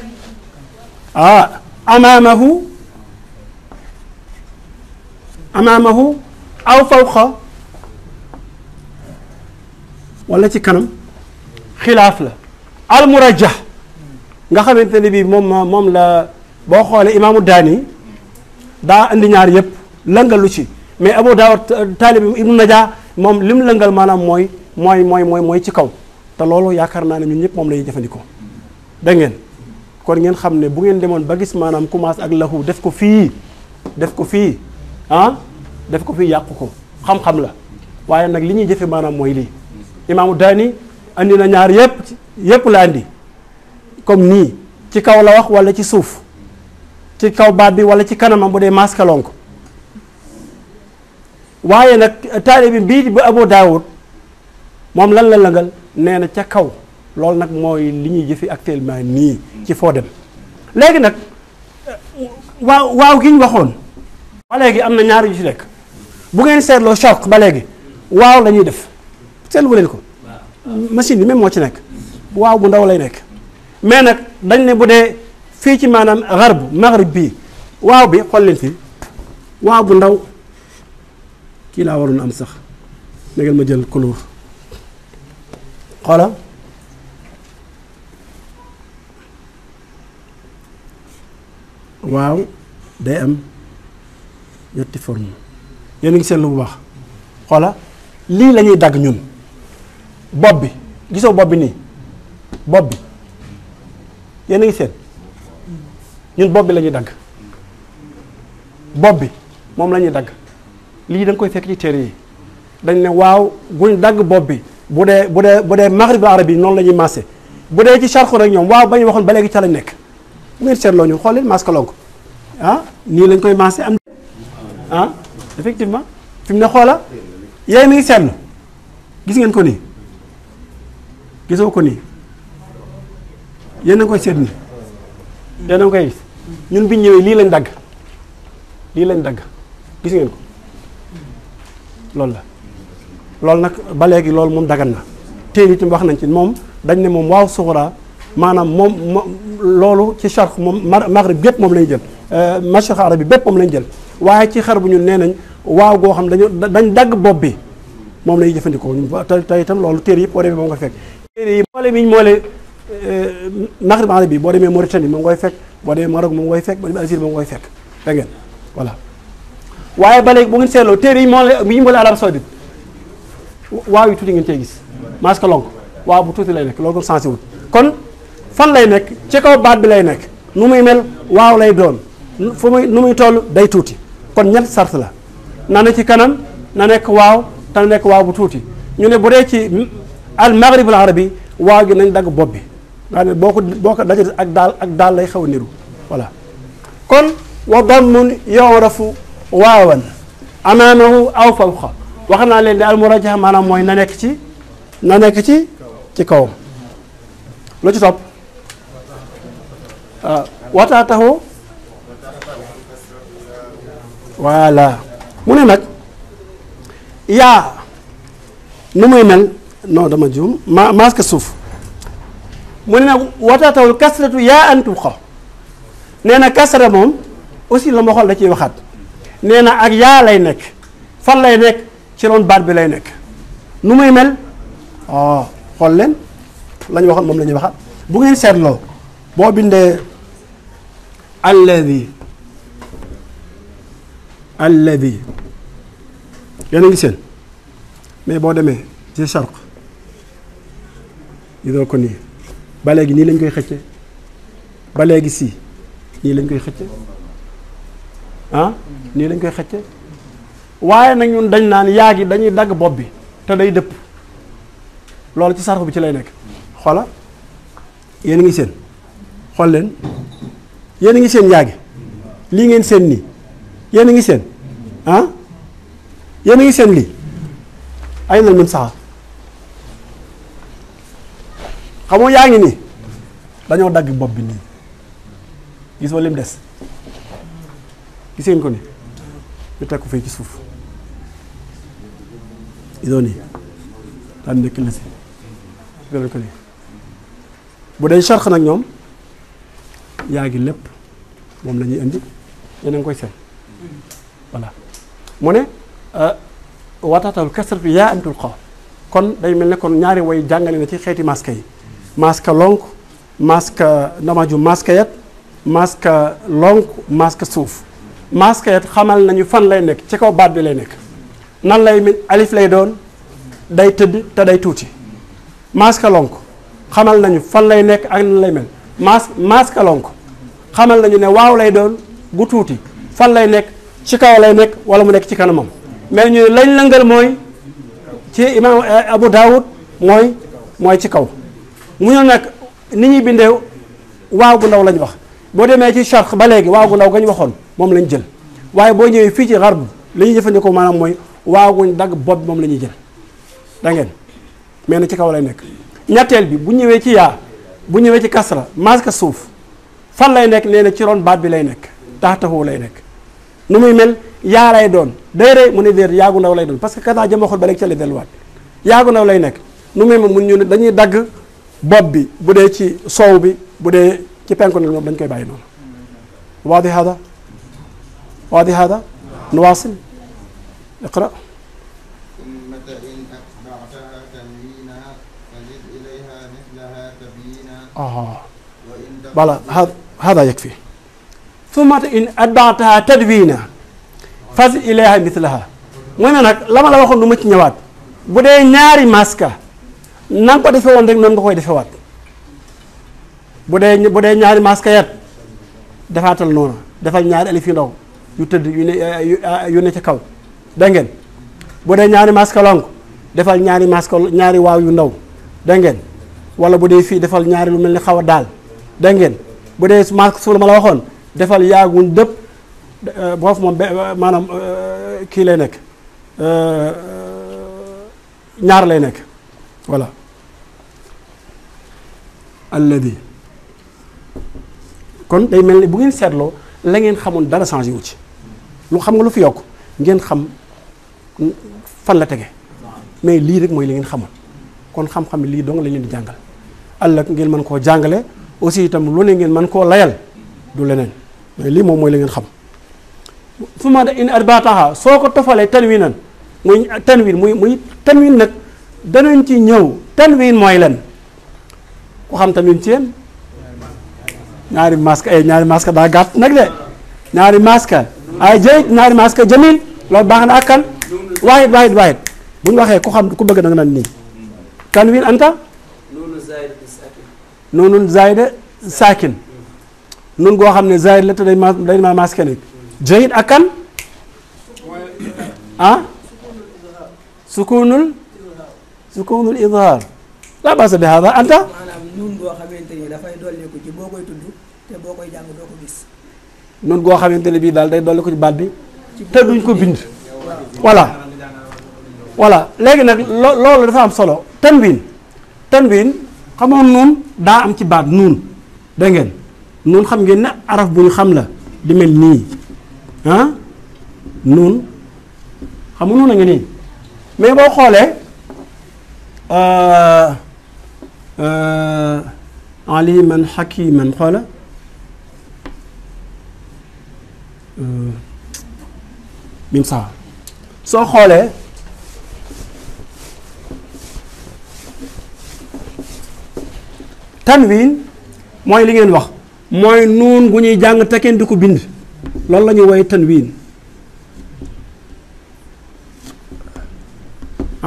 ah أمامه أمامه أو فوقه wala ci kanam xilaaf la almurajjah nga xamante ne bii moom moom la boo xoolee imaamu daani daa indi ñaar yëpp lëngalu ci mais abu daawud taalib ibnu najaa moom li mu lëngal maanaam mooy mooy mooy mooy mooy ci kaw te loolu yaakaar naa ne ñun ñëpp moom lay jëfandikoo dangeen kon ngeen xam ne bu ngeen demoon ba gis maanaam commence ak lahu def ko fii def ko fii ah def ko fii yàq ko xam-xam la waaye nag li ñuy jëfe maanaam mooy lii imaamu daani andi na ñaar yépp yépp la andi comme nii ci kaw la wax wala ci suuf ci kaw baat bi wala ci kanamam bu dee maskalon waaye nag taalibi bii bu Abu Daawud moom lan la lëngal nee na ca kaw loolu nag mooy li ñuy jëfi actuellement nii ci foo dem léegi nag waaw waaw gi ñu waxoon ba léegi am na ñaari yu ci nekk bu ngeen seetloo choc ba léegi waaw lañuy def seetlu leen ko machine bi même moo ci nekk waaw bu ndaw lay nekk mais nag dañ ne bu dee fii ci maanaam garb maghrib bii waaw bi xool leen fii waaw bu ndaw kii laa waroon am sax nagal ma jël couleur xoola waaw day am ñetti forme yéen a ngi lu bu baax xoola lii lañuy dagg ñun bopp bi gisoo bopp bi nii bopp bi yéen a ngi seet ñun bopp bi la ñuy dagg bopp bi moom la ñuy dagg lii da koy fekk ci téere yi dañ ne waaw guñ dagg bopp bi bu dee bu dee bu dee maghrib arabi noonu la ñuy maase bu dee ci charxu rek ñoom waaw ba ñu waxoon ba léegi ca lañ nekk bu ngeen seetloo ñu xool leen maskaloon ko ah nii lañ koy maase am ah effectivement fim ne xoola yaay mi ngi seetlu gis ngeen ko nii gisoo ko nii yéen a ngi koy seet nii yéen a koy ñun biñ ñëwee lii lañ dagg lii lañ dagg gis ngeen ko loolu la loolu nag ba léegi loolu moom daggan na te itam wax nañ ci moom dañ ne moom waaw suxuraa maanaam moom loolu ci charx moom maghrib gépp moom lañ jël euh, mashriq arab bi bépp moom lañ jël waaye ci xar bu ñu nee nañ waaw goo xam dañu dañ dagg bopp bi moom lañuy jëfandikoo te te itam loolu teer yëpp boo demee moom nga fekk téere yi moole miñ moole arab bi boo demee Mauritanie moom ngay fekk boo demee Maroc moom ngay fekk boo demee Algérie moom ngay waaye ba léegi bu ngeen téere yi moole yi ñu moole Arabie Saoudite waaw yi tuuti ngeen cee gis masque lonk waaw bu tuuti lay nekk loolu ko sensé wut kon fan lay nekk ci kaw baat bi lay nekk nu muy mel waaw lay doon fu muy nu muy toll day tuuti kon ñett sart la na ne ci kanam na nekk waaw te na nekk waaw bu tuuti ñu ne bu dee ci al maghrib al arabi waaw gi nañ dagg bopp bi nga ne boo ko boo ko dajati ak daal ak daal lay xaw a niru voilà kon wa dammun yorafu waawan amaamahu aw fawqa wax naa leen ne al murajjah maanaam mooy na nekk ci na nekk ci ci kawam lu ci topp Ah, wataa taxoo voilà mu ne nag yaa nu muy mel non dama juum ma masque suuf mu ne nag wataa taxul kasratu yaa an nee na kasra moom aussi la ma xool da ciy waxaat nee na ak yaa lay nekk fan lay nekk ci roon baat bi lay nekk nu muy mel oh xool leen la ñu waxoon moom la ñuy waxaat bu ngeen seetloo boo bindee alladi alladi yéen a ngi seen mais boo demee ci charq yi doo ko nii ba léegi nii lañ koy xëcce ba léegi si nii lañ koy xëcce ah nii lañ koy xëcce waaye nag ñun dañ naan yaag yi dañuy dagg bopp bi te day dëpp loolu ci sarf bi ci lay nekk xoola yéen a ngi seen xool leen yéen a ngi seen yaagi lii ngeen seen nii yéen a ngi seen ah yéen a ngi seen lii ay na mën sax xamoo yaa ngi nii dañoo dagg bopp bi nii gisoo lim des gis ngeen ko ni ñu teg ko fii ci suuf gisoo nii daan nekk la si gënal bu dee charx nag ñoom yaa gi lépp moom la ñuy indi yéen koy seen voilà mu ne euh, waataatal kasratu yaa antul xaw kon day mel ne kon ñaari way jàngale na ci xeeti masque yi masque lonk masque ju masque yat masque lonk masque suuf masque xamal nañu fan lay nekk ci kaw baat bi lay nekk nan lay mel alif lay doon day tëdd te day tuuti masque lonk xamal nañu fan lay nekk ak nan lay mel maas maas kalon ko xamal nañu ne waaw lay doon gu tuuti fan lay nekk ci kaw lay nekk wala mu nekk ci kanamam mais ñu lañ lëngal mooy ci imaam eh, Abu Daawud mooy mooy ci kaw mu ne nag ni ñuy bindee waaw gu ndaw lañ wax boo demee ci charx ba léegi waaw gu ndaw gañ waxoon moom lañ jël waaye boo ñëwee fii ci xarb li ñuy jëfandikoo maanaam mooy waaw guñ dagg bopp moom la ñuy jël da ngeen na ci kaw lay nekk ñetteel bi bu ñëwee ci yaa bu ñëwee ci kasra maska suuf fan lay nekk nee na ci ron baat bi lay nekk taxtaxu lay nekk nu muy mel yaa lay doon déere mu ne déer yaagu ndaw lay doon parce que kasaa jëma xol ba rek dell la delluwaat yaagu ndaw lay nekk nu muy mel mun ñu ne dañuy dagg bopp bi bu dee ci soow bi bu dee ci penku nag moom dañ koy bàyyi noonu waadi hada waadi hada nuwaasil iqra آه بلى mat هذا يكفي ثم إن أتبعتها تدوينا fas ilaaha mislaha mu ne nag la ma la waxoon du ma ci ñëwaat bu dee ñaari maska na nga ko defe woon rek noonu nga koy defe waat bu dee bu dee ñaari maska yat defaatal noonu defal ñaari alif yu ndaw yu tëdd yu ne yu ne ca kaw da ngeen bu dee ñaari maska lonk defal ñaari maska ñaari waaw yu ndaw da ngeen wala bu dee fii defal ñaari lu mel ni xaw a daal dégg ngeen bu dee mask suuf ma la waxoon defal yaaguñ dëpp euh, boofu moom maanaam euh, kii lay nekk euh, ñaar lay nekk voilà alladi kon day mel ni bu ngeen seetloo la ngeen xamoon dara changé wu ci lu xam nga lu fi yokk ngeen xam fan la tege mais lii rek mooy li ngeen xamoon kon xam-xam lii doo la leen di jàngal ëllëg ngeen mën koo jàngale aussi itam lu ne ngeen man koo layal du leneen mais lii moom mooy la ngeen xam fu ma da in arbataha soo ko tofalee tanwinan muy tanwin muy muy tanwin nag danañ ci ñëw tanwin mooy lan ku xam tanwin ci yéen ñaari maska ay eh, ñaari maska daa gàtt nag de ñaari maska ay jayit ñaari maska jamil loolu baax na ak kan waayit waayit waayit bu ñu waxee ku xam ku bëgg da na naan nii tanwin anta noonu zaayida saakin nun goo xam ne zaayid la te dañ ma dañ ma maas keneen jahid ak kan ah sukunul sukunul idhaar laa baasa bi hada anta nun goo xamante ni dafay dolli koy tudd te goo xamante ne bii daal day dolli ko ci baat bi te duñ ko bind voilà voilà léegi nag loolu dafa am solo tanwin tanwin xamoon nuun daa am ci baat nun da ngeen xam ngeen ne araf bu ñu xam la di mel nii ah nun xamu nuun a ngi nii mais boo xoolee euh, euh, aliman xakiman xoola euh, min saa soo xoolee tanwin mooy li ngeen wax mooy nuun gu ñuy jàng te kenn di ko bind loolu la ñuy woowee tanwin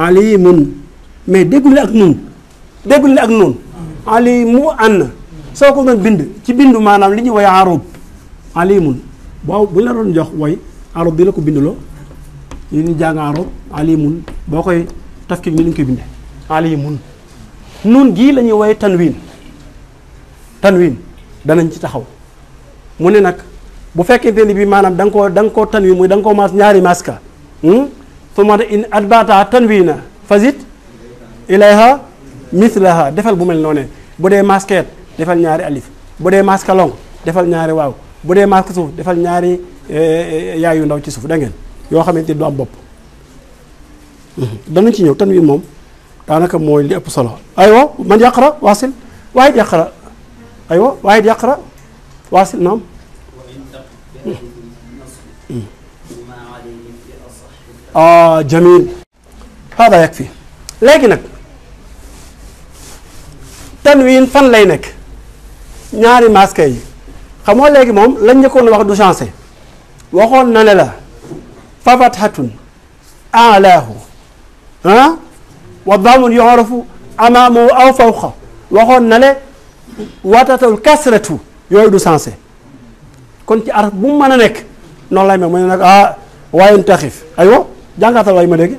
alimun mais déggul ak nuun déggul ak nuun alimu ànn soo ko doon bind ci bindu maanaam li ñuy woowee arub alimun boo bu ñu la doon jox woy arub di la ko bindloo yi ñu jàng arub alimun boo koy tafkik ni ñu koy binde alimun nuun gii lañuy ñuy woowee tanwin danañ ci taxaw mu ne nag bu fekkee ni bi maanaam da nga koo da nga koo tanwin muy da nga koo maas ñaari maska hmm? suma in adbata tanwina fasit ilayha mislaha defal bu mel noonee bu dee maskeet defal ñaari alif bu dee maska long defal ñaari waaw bu dee maska suuf defal ñaari eh, eh, yaay yu ndaw ci suuf da yoo xamante ni du am bopp hmm. danañ ci ñëw tanwin moom daanaka mooy li ëpp solo aywa man yaqra waasil waaye yaqra aywa waaye yaqra waasil naam ah jamil hada yakfi léegi nag tanwin fan lay nekk ñaari masque yi xam nga léegi moom lañ njëkkoon wax du changé waxoon na ne la fafathatun alaahu ah wa damun yu'rafu amaamu aw waxoon na le waatatul kasratu yooyu du sensé kon ci araf bu mu mën a nekk noonu lay mel mu ne nag ah waayun taxif aywa jàngaatal waay ma dégg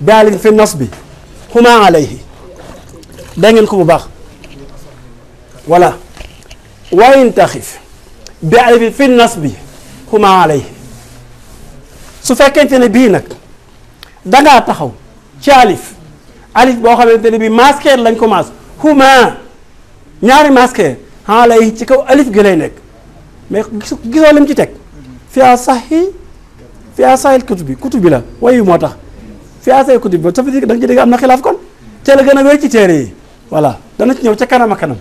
bi alif fi nas bi xuma alayhi ko bu baax voilà waayun taxif bi alif fi su fekkente ne bii nag dangaa taxaw ci alif alif boo xamante ne bi masquer lañ ko maas xuma ñaari masque xanaa lay ci kaw alif gi lay nekk mais gis gisoo lim ci teg fi a saxi fi a saxil bi kutub bi la wayu moo tax fi a saxil kutub bi ça veut dire ci dégg am na xilaaf kon te la gën a wér ci téere yi voilà dana ci ñëw ca kanam a kanam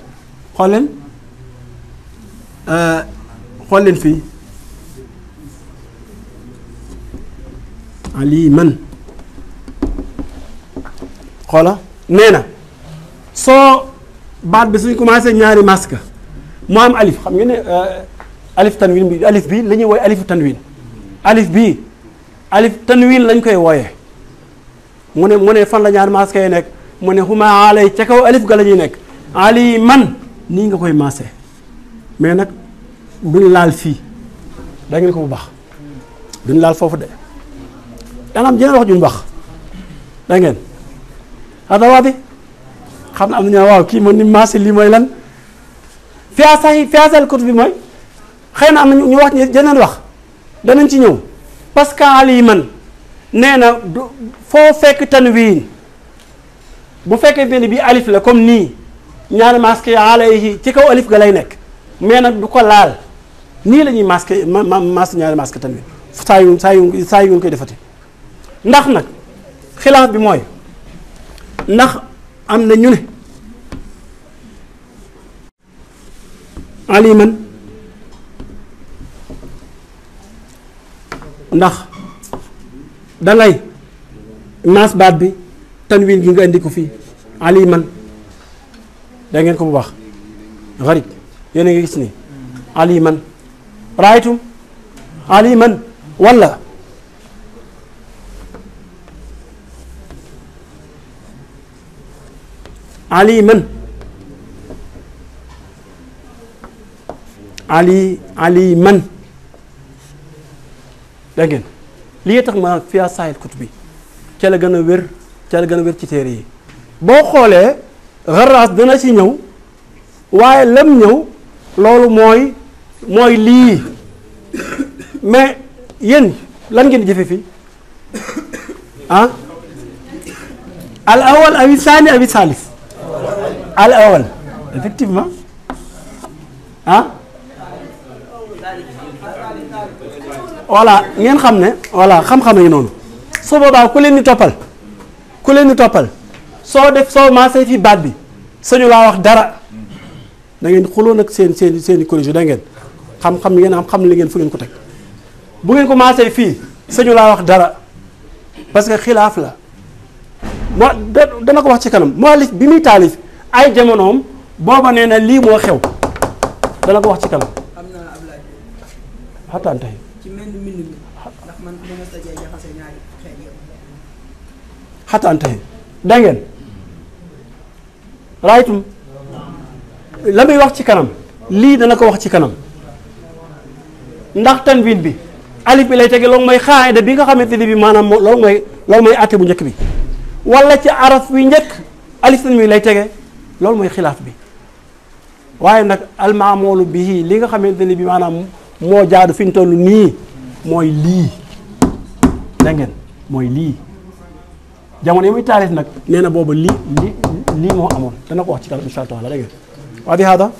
xool leen euh, fii ali man xoola nee na soo baat bi suñ commencé ñaari masque mu am alif xam ngeen ne euh, alif tanwin bi alif bi la ñuy wooye alifu tanwin alif bii alif tanwin lañ koy wooyee mu ne mu ne fan la ñaari masque yi nekk mu ne xuma alay ca kaw alif ga la ñuy nekk ali man nii nga koy maase mais nag duñ laal fii da ko bu baax duñ laal foofu de dana am wax juñ wax da ngeen xam naa am na waaw kii man ni maase lii mooy lan fiaasay fiaasal kut bi mooy xëy na am na ñu wax jeneen wax danañ ci ñëw parce que ali man nee na du foo fekk tanwiin bu fekkee benn bi alif la comme nii ñaari masque alayhi ci kaw alif ga lay nekk mais nag du ko laal nii lañuy ñuy masque masque ñaari masque tanwiin saa yu saa yu saa yu koy defati ndax nag xilaaf bi mooy ndax am na ñu ne aliman ndax dalay maas baat bi tanwin gi nga indi ko fii aliman da ngeen ko bu baax xarit yéen a ngi gis ni aliman raaytum aliman walla aliman ali aliman da ngeen lii tax ma fiyaa saahil bi ca la gën a wér ca la gën a wér ci téere yi boo xoolee xaraas dana ci ñëw waaye lam ñëw loolu mooy mooy lii mais yéen lan ngeen jëfe fii ah al awal awi saani awi saalis al awal effectivement ah voilà ngeen xam ne voilà xam-xam yi noonu su boobaa ku leen di toppal ku leen di toppal soo def soo maasee fi baat bi sañu laa wax dara da ngeen xuloo nag seen seen seen i collège da ngeen xam-xam ngeen am xam li ngeen fu ngeen ko teg bu ngeen ko maasee fii sañu laa wax dara parce que xilaaf la moo dana ko wax ci kanam moo li bi muy taalif ay jamonoom booba nee na lii moo xew dana ko wax ci kanam. am xataan tey. ci mel ni la muy wax ci kanam lii dana ko wax ci kanam ndax tanwin bi alif bi lay tege loolu mooy xaayda bi nga xamante ne bi maanaam loolu mooy àtte bu njëkk bi wala ci araf wi njëkk alif tanwin lay tege. loolu mooy xilaaf bi waaye nag almaamoolu bi li nga xamante ne bi maanaam moo jaadu fi ñu toll nii mooy lii da mooy lii jamono yi muy nag nee na lii lii moo amoon dana ko wax ci kanam insha waa bi haada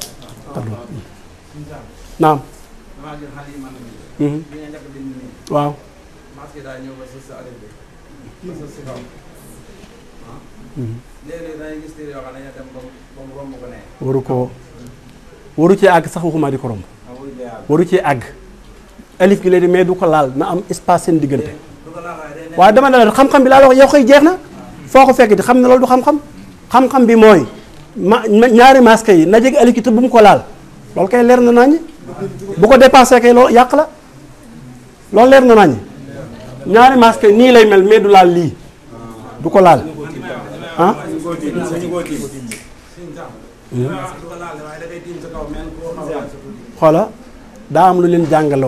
waru ko waru cee àgg sax waxuma di ko romb. Ah, waru cee àgg. alif gi lay mais du ko laal na am espace seen diggante. waaye dama ne la xam-xam bi laa wax yow koy jeex na. Ah. foo ko fekk di xam ne loolu du xam-xam. xam-xam bi mooy ma ñaari masque yi na jege alif gi te bu mu ko laal loolu kay leer na naññ. bu ko dépassé kay loolu yàq la loolu leer na naññ. ñaari masque nii lay mel mais du laal lii ah. du ko laal. ah. daa am lu leen jàngale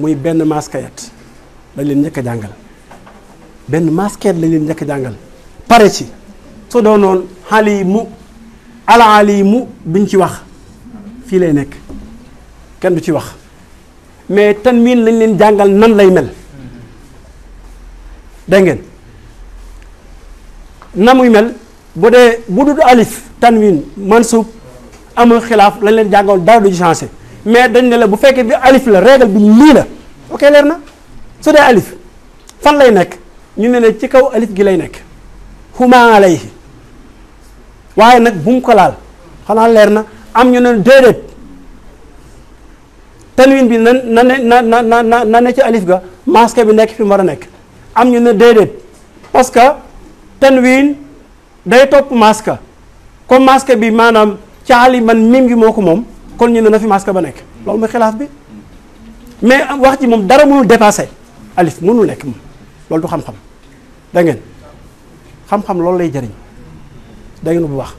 muy benn maskayet lañ leen njëkk a jàngal benn maskayet lañ leen njëkk a jàngal pare ci su yi mu alaalimu biñ ci wax fii lay nekk kenn du ci wax mais tanwin lañ leen jàngal nan lay mel dégg na muy mel bu dee bu dul alif tanwin mansuub amul xilaaf lañ leen jàngoon dara du changé mais dañ ne la bu fekkee bi alif la règle bi lii la ok leer na su dee alif fan lay nekk ñu ne ne ci kaw alif gi lay nekk huma alayhi waaye nag bu ko laal xanaa leer na am ñu ne déedéet tanwin bi na na na na na na ci alif ga masque bi nekk fi mu war a nekk am ñu ne déedéet parce tanwin day topp maska comme maska bi maanaam caali man mim gi moo ko moom kon ñu ne na fi maska ba nekk loolu mooy xilaaf bi mais wax ji moom dara mënul dépassé alif mënul nekk moom loolu du xam-xam da xam-xam loolu lay jariñ da ngeen bu baax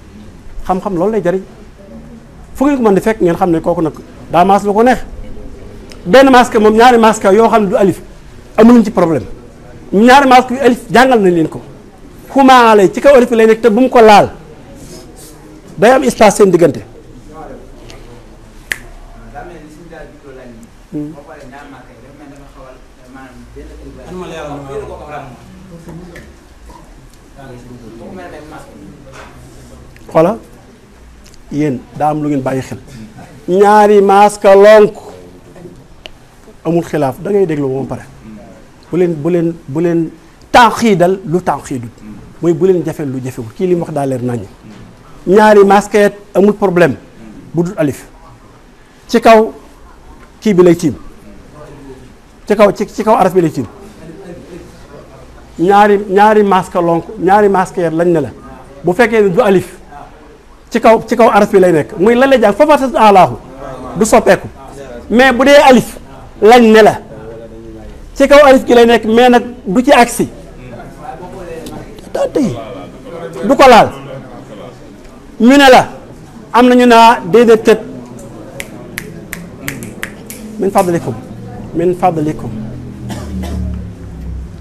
xam loolu lay jëriñ fu ngeen ko di fekk ngeen xam ne kooku nag daa maas lu ko neex benn masque moom ñaari masque yoo xam ne du alif amuñu ci problème ñaari masque yu alif jàngal nañ leen ko huma ci kaw alif lay nekk te bu mu ko laal day am espace seen diggante xoola yéen daa am lu ngeen bàyyi xel ñaari masque lonk amul xilaaf dangay ngay déglu ba mu pare bu leen bu leen bu leen tànqiidal lu tànqiidut mooy bu jafee jafeel lu jafewul kii li mu wax daa leer naññ ñaari masquette amul problème bu dul alif ci kaw kii bi lay tiim ci kaw ci ci kaw araf bi lay ñaari ñaari masque lonk ñaari masquette lañ ne la bu fekkee ne du alif ci kaw ci kaw araf lay nekk muy lan la jàng foofa tas alaahu du soppeeku mais bu dee alif lañ ne la ci kaw alif gi lay nekk mais nag du ci agsi tant du ko laal ñu ne la am nañu naa ah, déedéet tët min fadlikum min fadlikum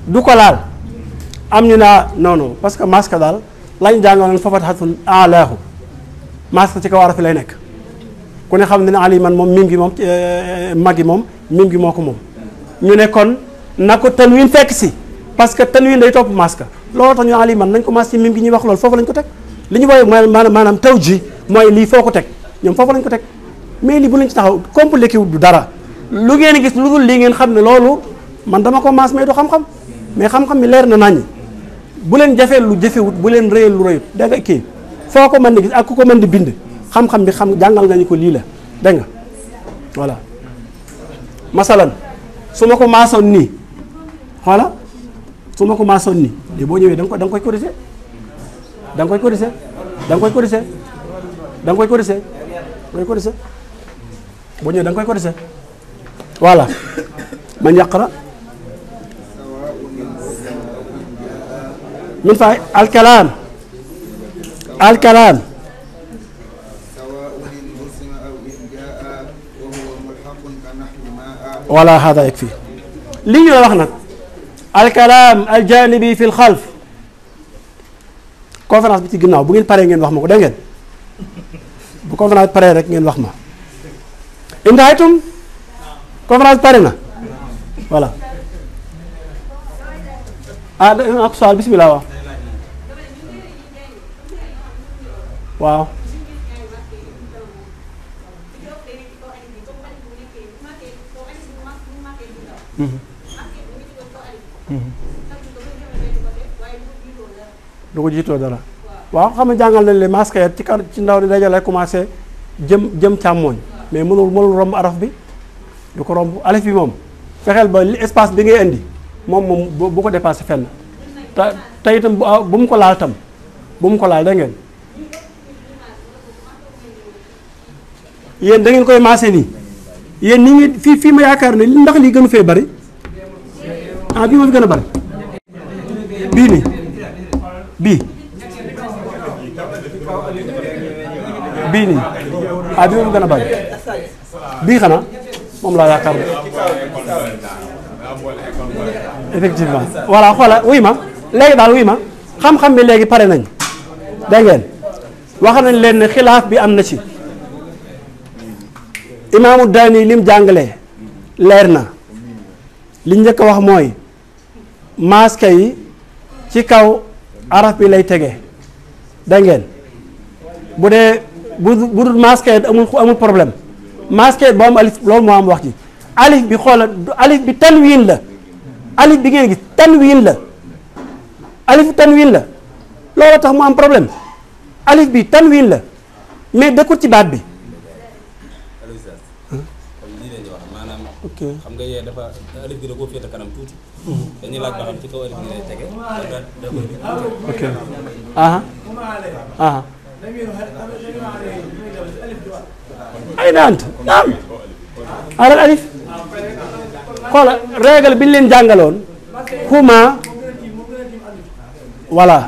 du ko laal am ñu naa ah, noonu parce que masque daal lañ jàngoon fafathatun alaahu masque ci kaw araf lay nekk ku ne xam ne ne ali man moom mim gi moom euh, magi moom mim gi moo ko moom ñu ne kon na ko tanwin fekk si parce que tanwin day topp masque looloo tax ñu aliman nañ ko mas ci mim gi ñuy wax ko teg li ñu ji mooy lii foo ko teg ñoom foofu lañ ko teg mais lii bu lañ ci taxaw wu du dara lu ngeen gis lu loolu man dama ko mas may xam-xam mais xam-xam leer na naññ bu leen jafee lu jafewut bu leen rëyal lu rëyut dégg nga kii foo ko mën ak ku ko mën bind xam bi xam jàngal nga ko lii la dégg nga voilà masalan su ma ko maasoon nii voilà su ma ko maa sonni léegi boo ñëwee da nga ko da nga koy ko da nga koy corriger da nga koy ko da nga koy corriger da nga koy corriger boo ñëwee da nga koy corriger voilà man yaqra min fa alkalaam alkalaam voilà hada yakfi li ñu la wax nag alkalaam aljanibi fi lxalf conférence bi ci ginnaaw bu ngeen paree ngeen wax ma ko dégg ngeen bu conférence bi rek ngeen wax ma intahaytum conférence pare na voilà ah ak ah, soal du ko jiitoo dara waaw xam nga jàngal nañ le masque ci kar ci ndaw di dajale commencé jëm jëm càmmooñ mais mënul mënul romb araf bi du ko romb ale bi moom fexeel ba li espace bi ngay indi moom moom bu ko dépassé fenn te te itam ah, bu mu ko laal tam bu mu ko laal da ngeen yéen da koy maase nii yéen ni ngi fii fii ma yaakaar ne ndax lii gënu fee bari Ah, bii moo fi gën a bari bii nii bii bii nii ah bii moo fi gën a bari bii moom laa yaakaar ne effectivement xoola wuy ma léegi daal wuy ma xam-xam bi léegi pare nañ dégg ngeen wax nañ leen ne xilaaf bi am na ci imaamu Daani lim jàngale leer na li njëkk a wax mooy maaska yi ci kaw araf bi lay tege dégg ngeen bu dee bu bu dul maaska yi amul amul problème maaska yi boo am alif loolu moo am wax ji alif bi xoolal alif bi wiin la alif bi ngeen gis tanwiin la alif tanwiin la loolu tax mu am problème alif bi wiin la mais dëkkul ci baat bi. ok xam nga yee dafa alif kanam tuuti. dañuy laaj ba xam ci kaw ëllëg ñu lay tege. ok. ay na ant naam alal alif xoola régal bi ñu leen jàngaloon huma voilà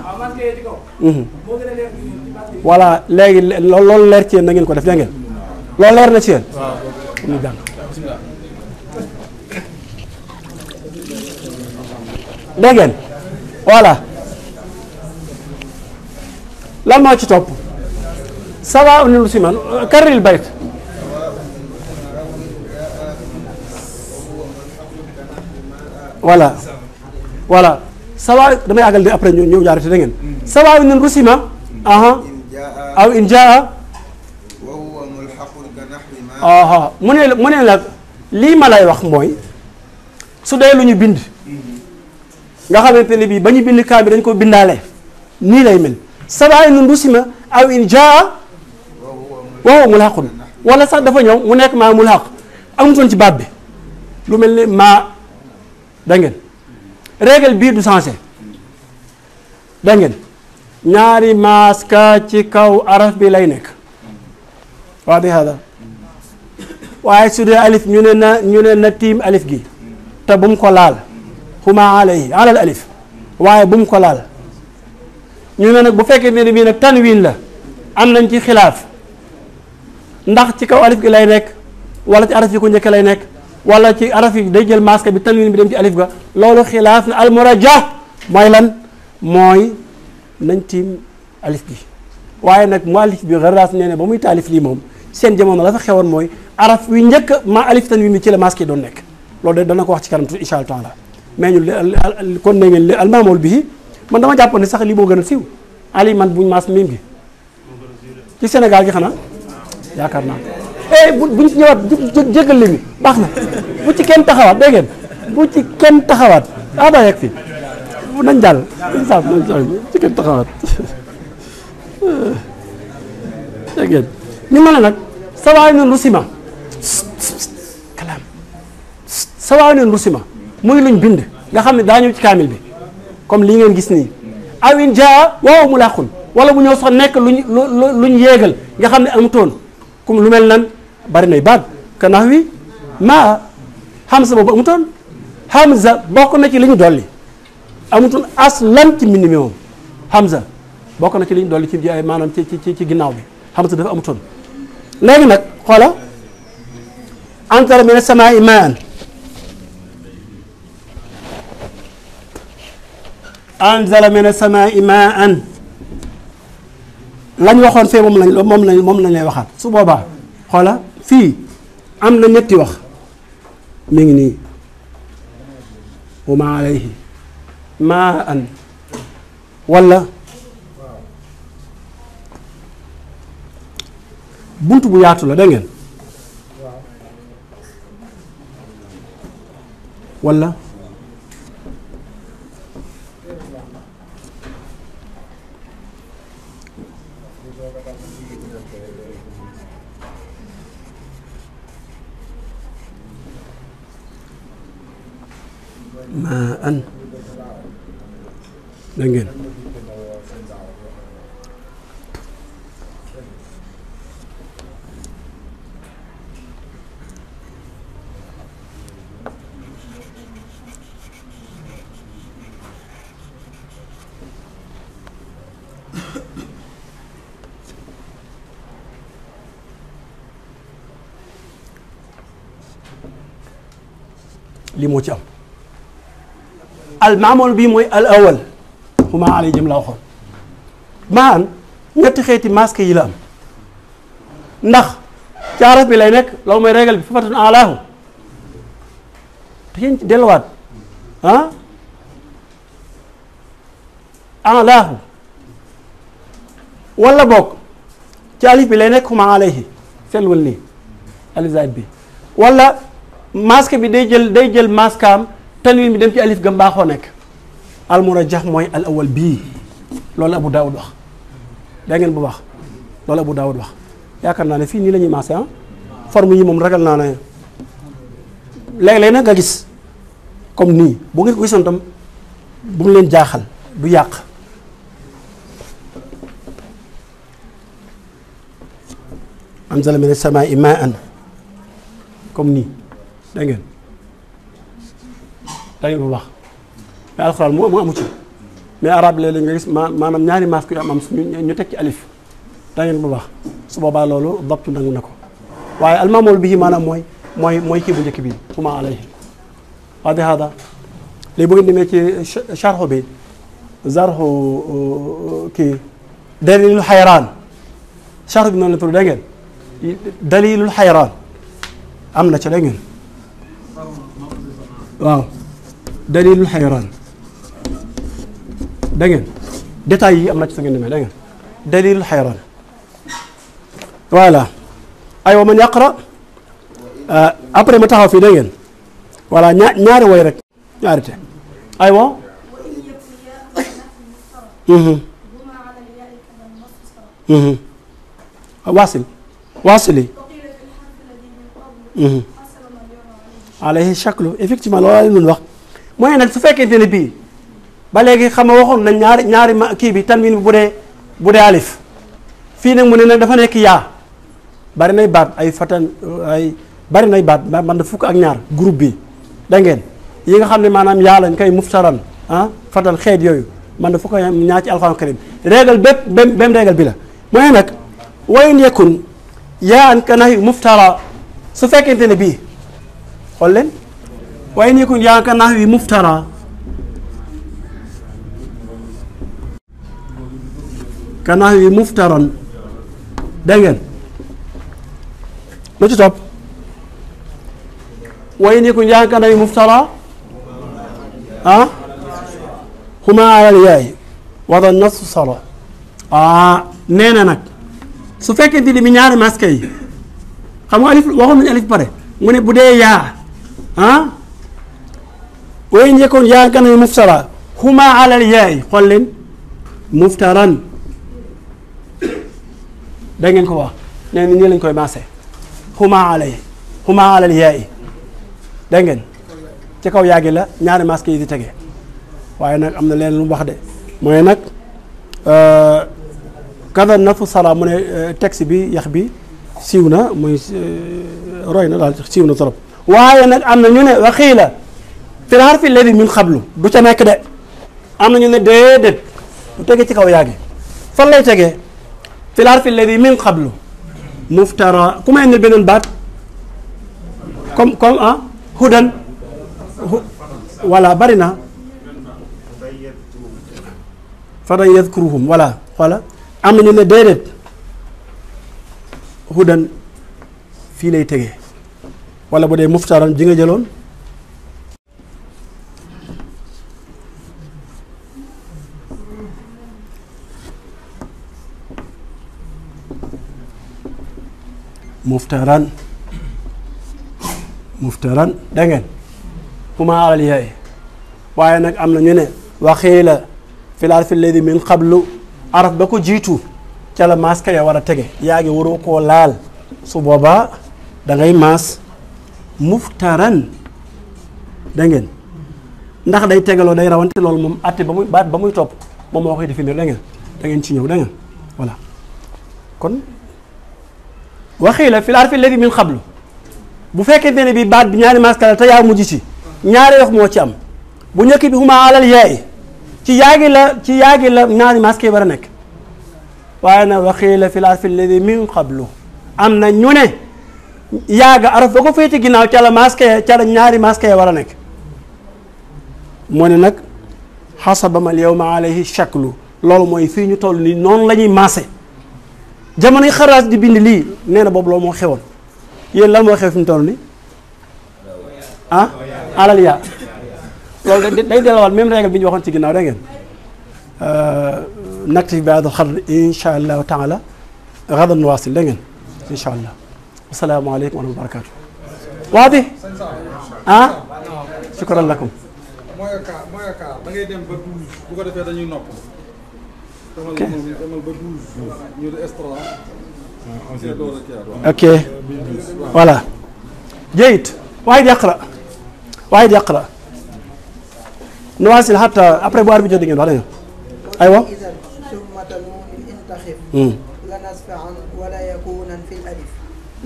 mhm. voilà léegi lool leer ci yéen na ngeen ko def dégg ngeen leer na ci yéen ñu jàng dégg ngeen voilà lan moo ci topp sawa nul si man karril bayt sawa damay àggal après ñëw ñëw jaarati da ngeen sawa nul rusima aha aw in jaa aha mu ne la lii ma lay wax mooy su dee lu ñu bind nga xamante ne bii ba ñu bind kaa bi dañ ko bindaale nii lay mel sabaay nun rusima aw in jaa waaw mu laqun wala sax dafa ñëw mu nekk maa mu laq amutoon ci baat bi lu mel ni maa dangeen ngeen règle bii du changé da ñaari mask ci kaw araf bi lay nekk waa bi hada waaye su dee alif ñu ne na ñu tiim alif gi te bu mu ko laal huma alayhi alal alif waaye bu mu ko laal ñu ne nag bu fekkee ne bii nag tanwin la am nañ ci xilaaf ndax ci kaw alif gi lay nekk walla ci araf yi ku njëkk lay nekk wala ci araf yi day jël masque bi tanwin bi dem ci alif ga loolu xilaaf na almurajjah mooy lan mooy nañ tiim alif bi waaye nag muallif bi Gharras nee ne ba muy taalif lii moom seen jamono la fa xewoon mooy araf wi njëkk ma alif tanwin bi ci la masque yi doon nekk loolu dana ko wax ci kanam tuuti incha allah mais ñu li kon ne ngeen li almaamool bii man dama jàpp ne sax lii moo gën a siiw ali man buñ maas miim gi ci Sénégal gi xanaa yaakaar naa eh bu buñ ñëwaat jéggal li mi baax na bu ci kenn taxawaat dégg bu ci kenn taxawaat ada yegg fi ma ne nag sawaay na rusima sawaay na rusima muy luñ bind nga xam ne daa ñëw ci kaamil bi comme li ngeen gis nii awin jaa waaw mu làqun wala bu ñëw sax nekk luñ luñ yéegal nga xam ne amutoon comme lu mel nan bari nay baat ka wi maa hamza boobu amutoon bokk na ci li ñu dolli amutoon aslan ci mbind mi moom hamza bokk na ci li ñu dolli ci ay maanaam ci ci ci ginnaaw bi hamza dafa amutoon léegi nag xoola antara mine samaa i anzala min as-samaa'i maa'an lañ waxoon fee moom lañ moom lañ waxaat su boobaa xoola fii am na ñetti wax mi ngi nii wa maa alayhi maa'an bunt bu yaatu la da ngeen maa an da ngeen lii moo ci am al maamul bii mooy al awal huma alay jëm la waxoon maan ñetti xeeti masque yi la am ndax ci bi lay nekk loolu mooy régal bi fafatun alaahu da ngeen ci delluwaat ah alaahu wala bokk ci bi lay nekk huma alayhi seetluwal nii alizab bi wala masque bi day jël day jël masque am tanwin bi dem ci alif ga mbaaxoo nekk jax mooy al awal bii loolu Abu Daawud wax da ngeen bu baax loolu Abu Daawud wax yaakaar naa ne fii nii lañuy ñuy maase ah forme yi moom ragal naa ne léeg-léeg nag a gis comme nii bu ngeen ko gisoon tam bu mu leen jaaxal du yàq anzala mina samaa'i maa'an comme nii da ngeen day bu baax mais alxuraan moo moo amu ci mais arab léeg-léeg nga gis maanaam ñaari maas yu am am suñu ñu teg ci alif dangeen bu baax su boobaa loolu dabtu nangu na ko waaye almaamool bii maanaam mooy mooy mooy kii bu njëkk bi huma alayhi waa de hada léegi bu ngeen demee ci charxu bi zarxu uh, kii dalilul xayraan charxu bi noonu la tudd da ngeen dalilul xayraan am na ca da ngeen waaw dalilul xayraan da yi am na ci su ngeen demee da ngeen dalilul xayraan voilà aywa man yaqra euh, après ma taxaw fii da ngeen voilà ñaar ñaari way rek ñaari te aywa mhm. mhm. waasil waasili mhm. alayhi shaklu effectivement loolu la ñu wax mooy nag su fekkente ne bii ba léegi xam nga waxoon na ñaari ñaari ma kii bi tanwin bi bu dee bu dee alif fii nag mu ne nag dafa nekk yaa bari nay baat ay fatan ay bari nay baat man da fukk ak ñaar groupe bi da ngeen yi nga xam ne maanaam yaa lañ koy muftaran ah fatan xeet yooyu man da fukk ñaar ci alxuraan karim régal bépp bem bem régal bi la mooy nag wayn yakun yaa an ka nahi muftara su fekkente ne bii xool leen وإن يكن يا كنحو مفترى كنحو مفترى dégg ngeen lu ci topp way ni ku njaaka nabi muftara ah xuma alal yaay wada nas solo ah nee na nag su fekkente ni bi ñaari masque yi xam nga alif waxoon nañu alif pare mu ne bu dee yaa ah? wa in yakun yaa nga ne muftara huma leen muftaran da ngeen ko wax nee koy maase huma alal huma ngeen ci kaw yaa la ñaari masque yi di tege waaye nag am na leen lu wax de mooy nag euh, kada nafu sara mu ne euh, texte bi yax bi siiw na muy euh, roy na daal siiw na trop waaye nag am na ñu ne waxiila tiraar fi léegi ñun xablu du ca nekk de am nañu ne déedéet du tege ci kaw yaa gi fan lay tegee filaar fi léegi min xablu muftara ku may indil beneen baat comme comme ah hudan voilà bari na fadan yadkuruhum voilà voilà am nañu ne déedéet hudan fii lay tegee wala bu dee muftaran ji nga jëloon muftaran muftaran da ngeen huma alal yaay waaye nag am na ñu ne waxiila fil arfi alladi min qablu araf ba ko jiitu ca la maas ka ya war a tege yaa ngi waroo koo laal su boobaa da ngay maas muftaran da ngeen ndax day tegaloo day rawante loolu moom atte ba muy baat ba muy topp moom moo koy définir da ngeen da ci ñëw da ngeen voilà kon waxii la fil arfi alladi min xablu bu fekkente ne bi baat bi ñaari maska la te yaa mujj ci ñaari wax moo ci am bu njëkk bi huma alal yaay ci yaagi la ci yaagi la ñaari maska yi war a nekk waaye nag waxii la fil arfi alladi am na ñu ne yaaga araf ba ko féete ginnaaw ca la maska ñaari maska war a nekk moo ne nag xasabama al yawma alayhi shaklu loolu mooy fii ñu toll nii noonu lañuy ñuy jamonoy xaraas di bind lii nee na boobu loolu moo xewoon yéen lan moo xew fi mu toll ah? alal yaa loolu day day delluwaat même règle bi ñu waxoon ci ginnaaw da ngeen euh, naktif bi hadal xadr insha allahu taala gadan nuwaasil da insha allah asalaamaaleykum wa barakaatu waadi ah shukran lakum ok ok voilà جيد واحد يقرأ واحد يقرأ نواصل حتى après bu arbitre bi ngeen wax أيوة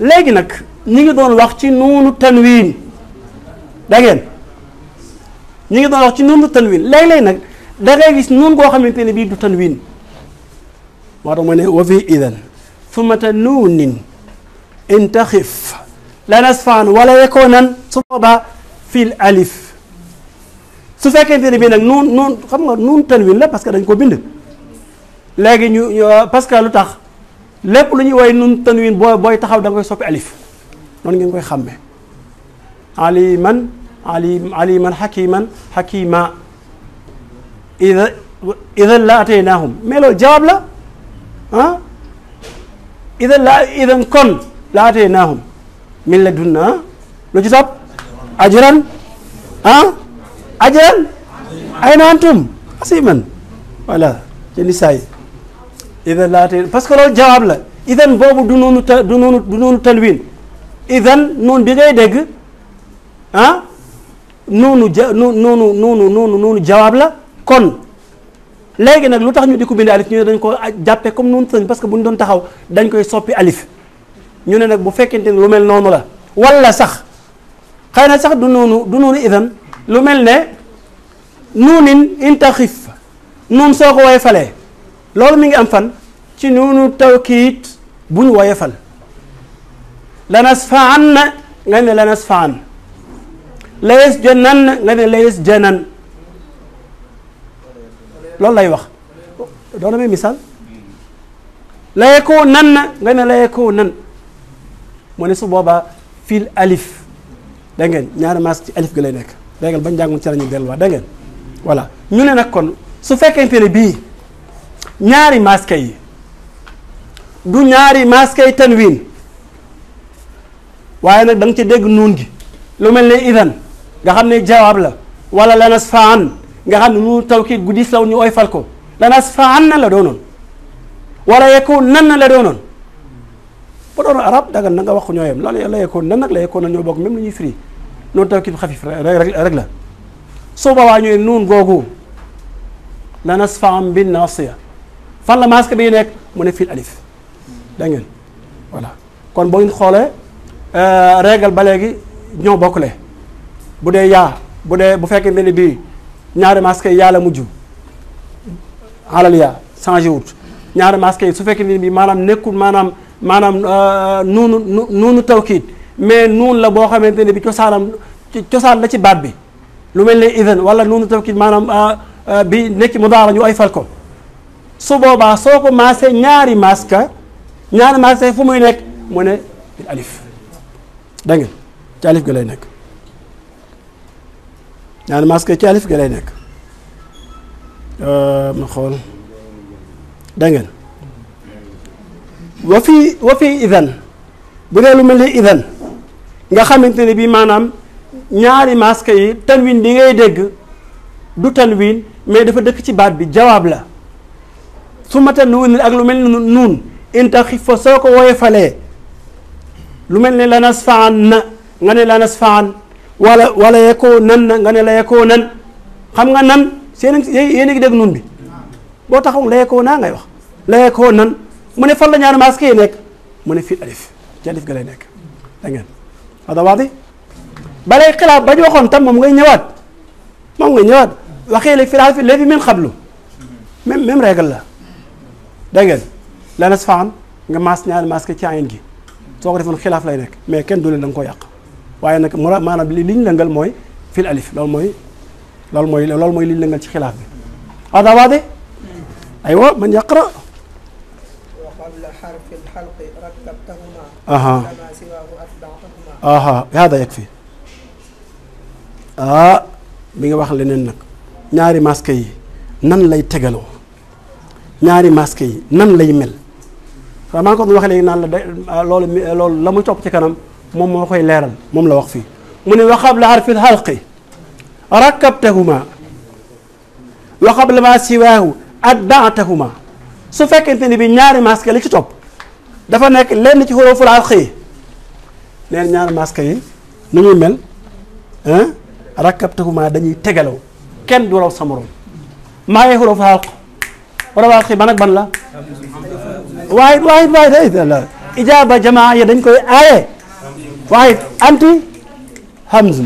léegi nag ñi ngi doon wax ci nuunu tanwin da ngeen ñi ngi doon wax ci nuunu tanwin léeg-léeg nag da gis nuun goo xamante ne bii du tan tanwin moo tax mu ne wa fii idan sumata nuunin in taxif lanasfaan wala yakoonan su boobaa fil alif su fekkente ne bii nag nuun nuun xam nga nuun tanwin la parce que dañ ko bind léegi ñu parce que lu tax lépp lu ñuy woy nuun tanwin booy booy taxaw da nga koy soppi alif noonu ngeen koy xàmme aliman alim aliman xakiman xakima ida idan la ataynaahum mais loolu jawaab la ah idan laa idan kon la ataynaahum min ladunnaa lu ci topp ajran ah ayna antum asiman voilà ci nisaa yi idan laa atay parce que loolu jawaab la idan boobu du noonu talwin idan noonu bi ngay dégg ah noonu ja noonu noonu noonu noonu jawaab la kon léegi nag lu tax ñu di ko bind alif ñu ne dañ koo jàppe comme noonu sëñ parce que bu ñu doon taxaw dañ koy soppi alif ñu ne nag bu fekkente ne lu mel noonu la wala sax xëy na sax du noonu du noonu idan lu mel ne nuunin intaxif nuun soo ko woye falee loolu mi ngi am fan ci nuunu tawkiit bu ñu woye fal lanas faan na nga ne lanas faan layes janan nga ne layes janan loolu lay wax doo damay misaal laye koo nan na nga ne laye koo nan mu ne su boobaa fil alif da ngeen ñaari maas ci alif gi lay nekk da ngeen ba njàngoon ci la ñuy delluwaat da ngeen voilà ñu ne nag kon su fekkee fekkente ne bii ñaari maske yi du ñaari maske yi tanwin waaye nag danga nga ci dégg nuun gi lu mel ne idan nga xam ne jawaab la wala lanas faan nga xam ne nu tawkiit guddi law ñu oy fal ko lanas fa an na la doonoon wala yekoon nan na la doonoon ba doon arab dagan na nga wax ñoo yem loolu la yekoon nan nag la yekoon na ñoo bokk même lu ñuy firi noonu tawkiit xafif rek la soo boobaa ñëwee nuun googu lanas fa am bin nasiya fan la masque bi nekk mu ne fil alif da ngeen voilà kon boo ñu xoolee euh, régal ba léegi ñoo bokkule bu dee yaa bu dee bu fekkee ne bii ñaari masque yi yàlla mu alal yaa changé wut ñaari masque yi su fekkee ni bi maanaam nekkul maanaam maanaam euh, nuunu nuunu tawkiid mais nuun la boo xamante ne bi cosaanam cosaan la ci baat bi lu mel ne idan wala nuunu tawkiid maanaam euh, euh, bi nekk a ñu ay fal ko su boobaa soo ko maasee ñaari masque ñaari masque fu muy nekk mu ne alif dégg ngeen ci alif gi lay nekk ñaari maske ci alif gi lay nekk euh, ma xool da ngeen wa fii bu dee lu mel ni idan nga xamante ne bii maanaam ñaari maske yi tanwin bi ngay dégg du tanwin mais dafa dëkk ci baat bi jawaab la su ma tanwin lu mel ni nuun inta xif fa soo ko woyofalee lu mel ni lanas faan na nga ne lanas faan wala wala yekkoo nan na nga ne la yekkoo nan xam nga nan seen yéen a ngi dégg nun bi boo taxaw la yekkoo naa ngay wax la yekkoo nan mu ne fan la ñaari masque yi nekk mu ne fii alif ci alif ga lay nekk da ngeen ada waadi balay xilaaf bañ waxoon ta moom ngay ñëwaat moom nga ñëwaat waxee léegi fil harfi léegi min xablu même même règle la da ngeen la nasfaan nga maas ñaari masque ci ayin gi soo ko defoon xilaaf lay nekk mais kenn du leen da nga ko yàq waaye nag mura maanaam li ñu lëngal mooy fil alif loolu mooy loolu mooy loolu mooy li ñu lëngal ci xilaaf bi hada waade aywa man yaqra aha aha hada yakfi ah mi ngi wax leneen nag ñaari masque yi nan lay tegaloo ñaari masque yi nan lay mel waaw maa ngi ko doon waxee léegi naan la de loolu loolu la muy topp ci kanam moom moo koy leeral moom la wax fii mu ne waxab la harfil xalqi rakkabtahuma waxab la maa siwaahu addaatahuma su fekkente ni bi ñaari maske li ci topp dafa nekk lenn ci xuruful xalqi yi neen ñaari masque yi nu ñuy mel rakkabtahuma dañuy tegalaw kenn du raw sa morom maa ngi xuruful xalq ban ak ban la waaye waaye waaye ijaaba jamaa dañ koy aaye واحد أنت همزة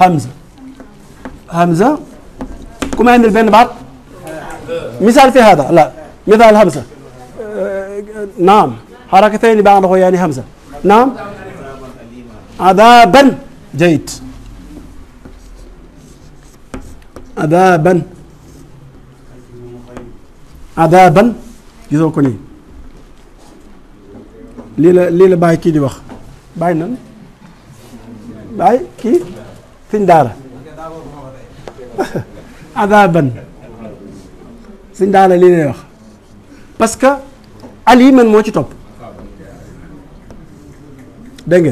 همزة همزة كم عند البين بعض مثال في هذا لا مثال همزة نعم حركتين بعضه يعني همزة نعم عذابا جيد عذابا عذابا gisoo ko nii lii la lii la bàyyi kii di wax bàyyi nan bàyyi kii sëñ daara adaban sëñ daara lii parce que ali man moo ci topp dégg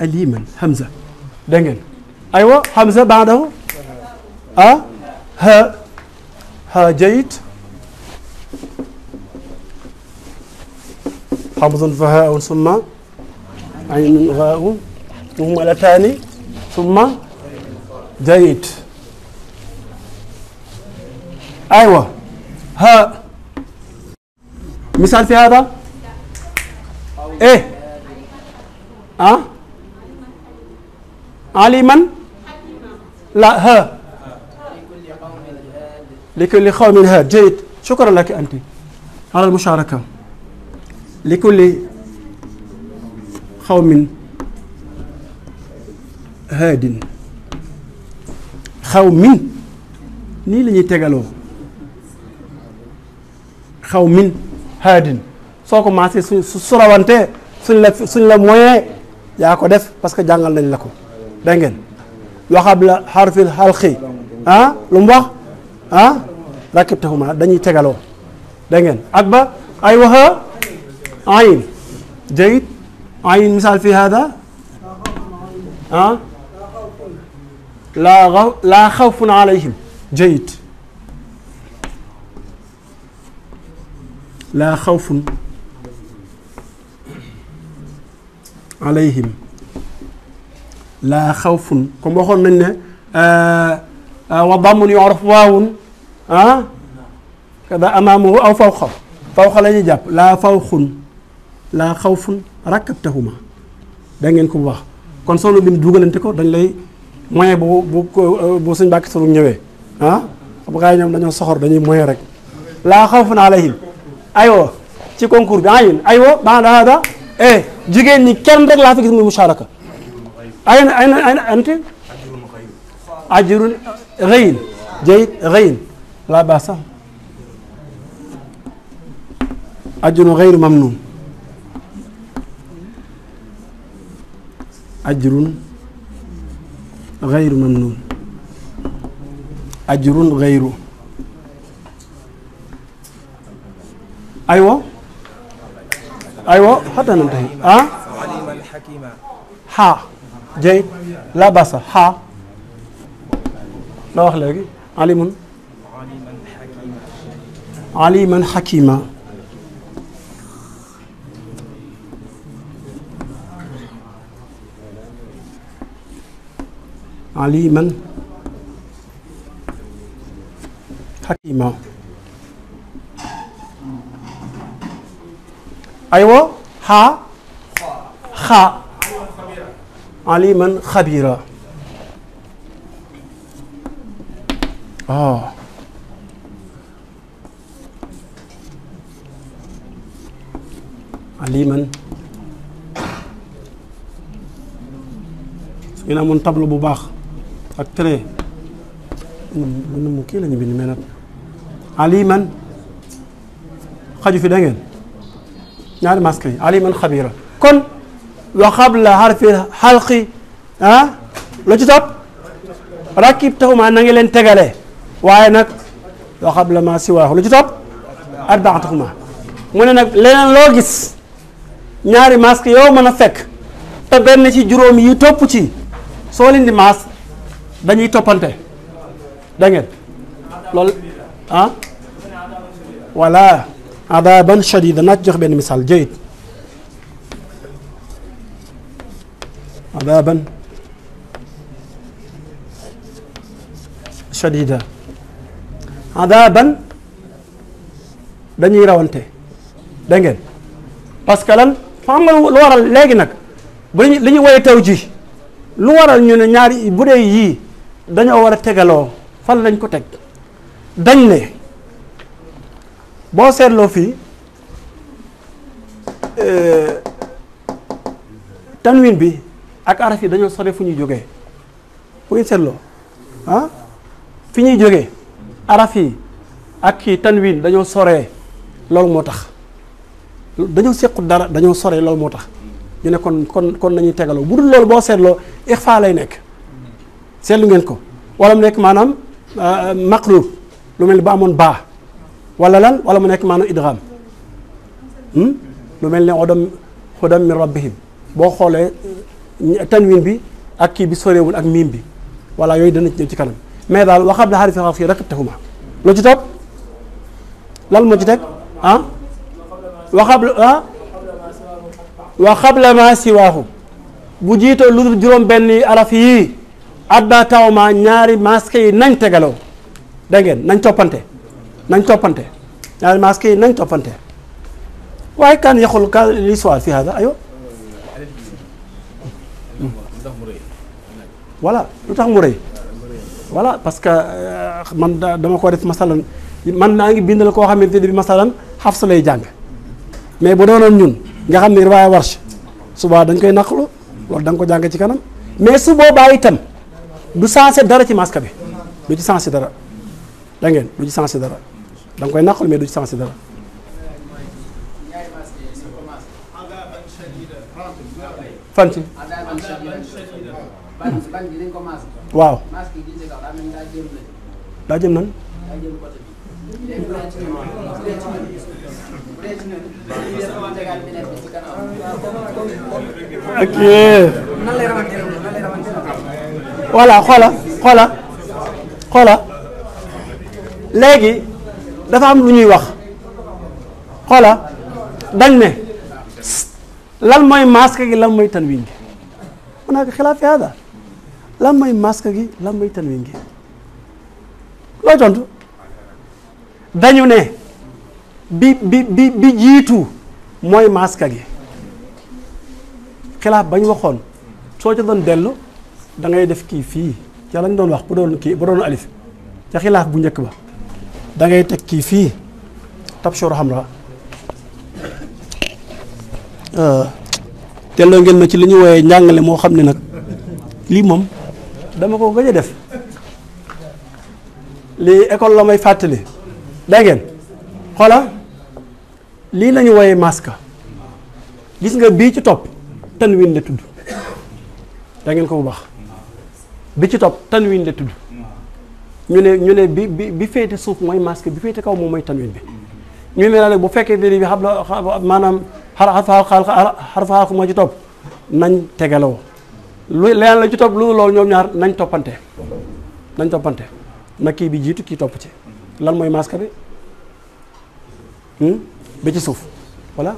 ngeen hamza dégg aywa hamza baadahu ah ha ha xabdun fahaun summa aynun haun summa lataani summa jayit aywa ha misaal fi hada e ah aliman لا ها لكل قوم هاد جيد شكرا لك أنت على المشاركة likulli min haadin xaw min nii lañuy tegaloo xaw min haadin soo commencé su su rawante suñ la suñ la moyen yaa ko def parce que jàngal nañ la ko dégg ngeen waxab la xarfil xalqi ah lu mu wax ah rakib dañuy tegaloo dégg ak ba ay waxa عين جيد عين مثال في هذا ها لا غو... لا خوف عليهم جيد لا خوف عليهم لا خوف كما waxoon nañ ne wa damun yu'raf waawun ah kada amaamuhu aw fawqa fawqa la ñuy jàpp laa fawqun laa xaw xawfun rakkabtahuma da ngeen ko bu baax kon solo lim dugalante ko dañ lay moyen boobu bu bu euh, suñ bàkki solo ñëwee ah xam nga ñoom dañoo soxor dañuy moyen rek laa xawfun alayhim aywa ci concours bi ayin aywa ba'da hada eh jigéen ñi kenn rek laa fi gis muy musharaka ayin ayin ayin ante ajrun ghayn jayid ghayn laa basa ajrun ghayru mamnun ajrun xayru mamnun ajrun xayru aywa aywa xataa nantahi ah xaa jay laa basa xaa la wax léegi alimun aliman xakima aliman xakima aywa xaa xaa aliman xabira oh ah. aliman su ngeen amoon tableau bu baax ak trait mën na mu kii la ñu bind mais nag aliman xaju fi da ngeen ñaari masque yi aliman xabira kon wa qabla harfi xalqi ah lu ci topp rakib taxuma na ngi leen tegale waaye nag wa qabla ma siwaahu lu ci topp arbaa taxuma mu ne nag leneen loo gis ñaari masque yow mën a fekk te benn ci juróom yi topp ci soo di maas dañuy toppante da lool loolu ah voilà adaban shadida jox benn misaal jayid adaban shadida adaban dañuy rawante da ngeen que lan xam lu waral léegi nag bu li ñu woyee ji lu waral ñu ne ñaari bu dee yii dañoo war a tegaloo fan lañ ko teg dañ ne boo seetloo fii euh, tanwin bi ak araf yi dañoo sore fu ñuy jógee fu ñu seetloo ah fi ñuy jógee araf yi ak kii tanwin dañoo soree loolu moo tax dañoo sequt dara dañoo soree loolu moo tax ñu ne kon kon kon nañuy tegaloo bu dul loolu boo seetloo ixfa lay nekk seetlu ngeen ko wala mu nekk maanaam euh, maqlub lu mel ni bu amoon baax wala lan wala mu nekk maanaam idgham hmm? lu mel ne odam xudam min rabbihim boo xoolee euh, tanwin bi ak kii bi sorewul ak miim bi wala yooyu dana ñëw ci kanam mais daal waxab la xarifi xaf yi rek taxuma lu ci topp lan moo ci teg ah waxab ah waxab la ma siwaahu bu jiitoo lu dul juróom benn araf yii adda taw ma ñaari masque yi nañ tegaloo da ngeen nañ toppante nañ toppante ñaari masque yi nañ toppante waaye kan yaxul ka l'histoire fi hada ayo voilà lu tax mu rëy walla parce que euh, man dama ko def masalan man naa ngi bindal koo xam ne bi masalan xafsa lay jàng mais bu doonoon ñun nga xam ne riwaaya warsh suba dañ koy naqlu war da ko jàng ci kanam mais su boobaa itam du sensé dara ci masque bi du ci sensé dara da ngeen du ci sensé dara da du ci sensé dara. fan waaw. daa jëm nan. voilà xoola xoola xoola léegi dafa am lu ñuy wax xoola dañ ne lal mooy masque gi lan mooy tanwin gi hunaaka xilaaf fi hada lan mooy masque gi lan mooy tanwin gi looy tontu dañu ne bi bi bi bi jiitu mooy masque gi xilaaf ba ñu waxoon soo ca doon dellu dangay def kii fii ca lañ doon wax bu doon kii bu doon alif ca xilaaf bu njëkk ba da teg kii fii tabshor xam ra telloo euh, ngeen ma ci li ñuy wooyee njàngale moo xam ne nag lii moom dama ko gëj a def lii école la may fàttali da ngeen lii lañu wooyee maska gis nga bii ci topp tanwin la tudd da ngeen ko bu baax bi ci topp tanwin la tudd ñu ne ñu ne bi bi bi féete suuf mooy masque bi féete kaw moom mooy tanwin bi ñu ne la nag bu fekkee bi xam la maanaam xarfa xarfa moo ci topp nañ tegaloo lu leneen la ci topp lu loolu ñoom ñaar nañ toppante nañ toppante na kii bi jiitu kii topp ci lan mooy masque bi hmm? ba ci suuf voilà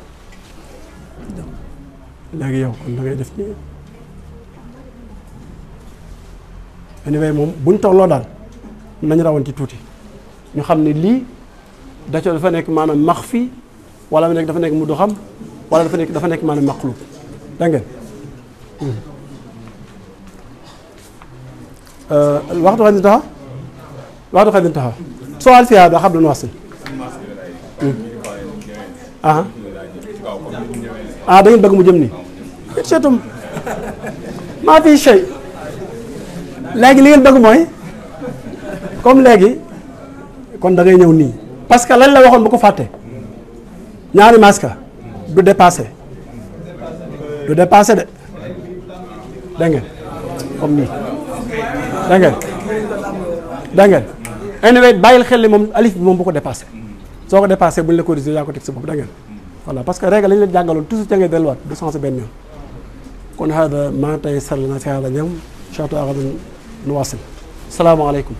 léegi yow kon da def nii anyway moom buñ tolloo daal nañ rawanti tuuti ñu xam ne lii daco dafa nekk maanaam max fii wala mu dafa nekk mu du xam wala dafa nekk dafa nekk maanaam maqlub da ngeen hmm. euh, waxtu xadin taxa taxa so al fiya da xablan wasin hmm. aha ah da bëgg mu jëm nii maa fi shay léegi li ngeen bëgg mooy comme léegi kon da ngay ñëw nii parce que lañ la waxoon bu ko fàtte ñaari maska du dépassé du dépassé de dégg comme nii dégg ngeen dégg ngeen anyway bàyyil xel li moom alif bi moom bu ko dépassé soo ko dépassé buñ la corrigé yaa ko teg si bopp dégg ngeen voilà parce que règle lañ la jàngaloon toujours ca ngay delluwaat du sens benn yoon kon hada ma tayassara lana fi hada al-yawm nu wasil salaamaaleykum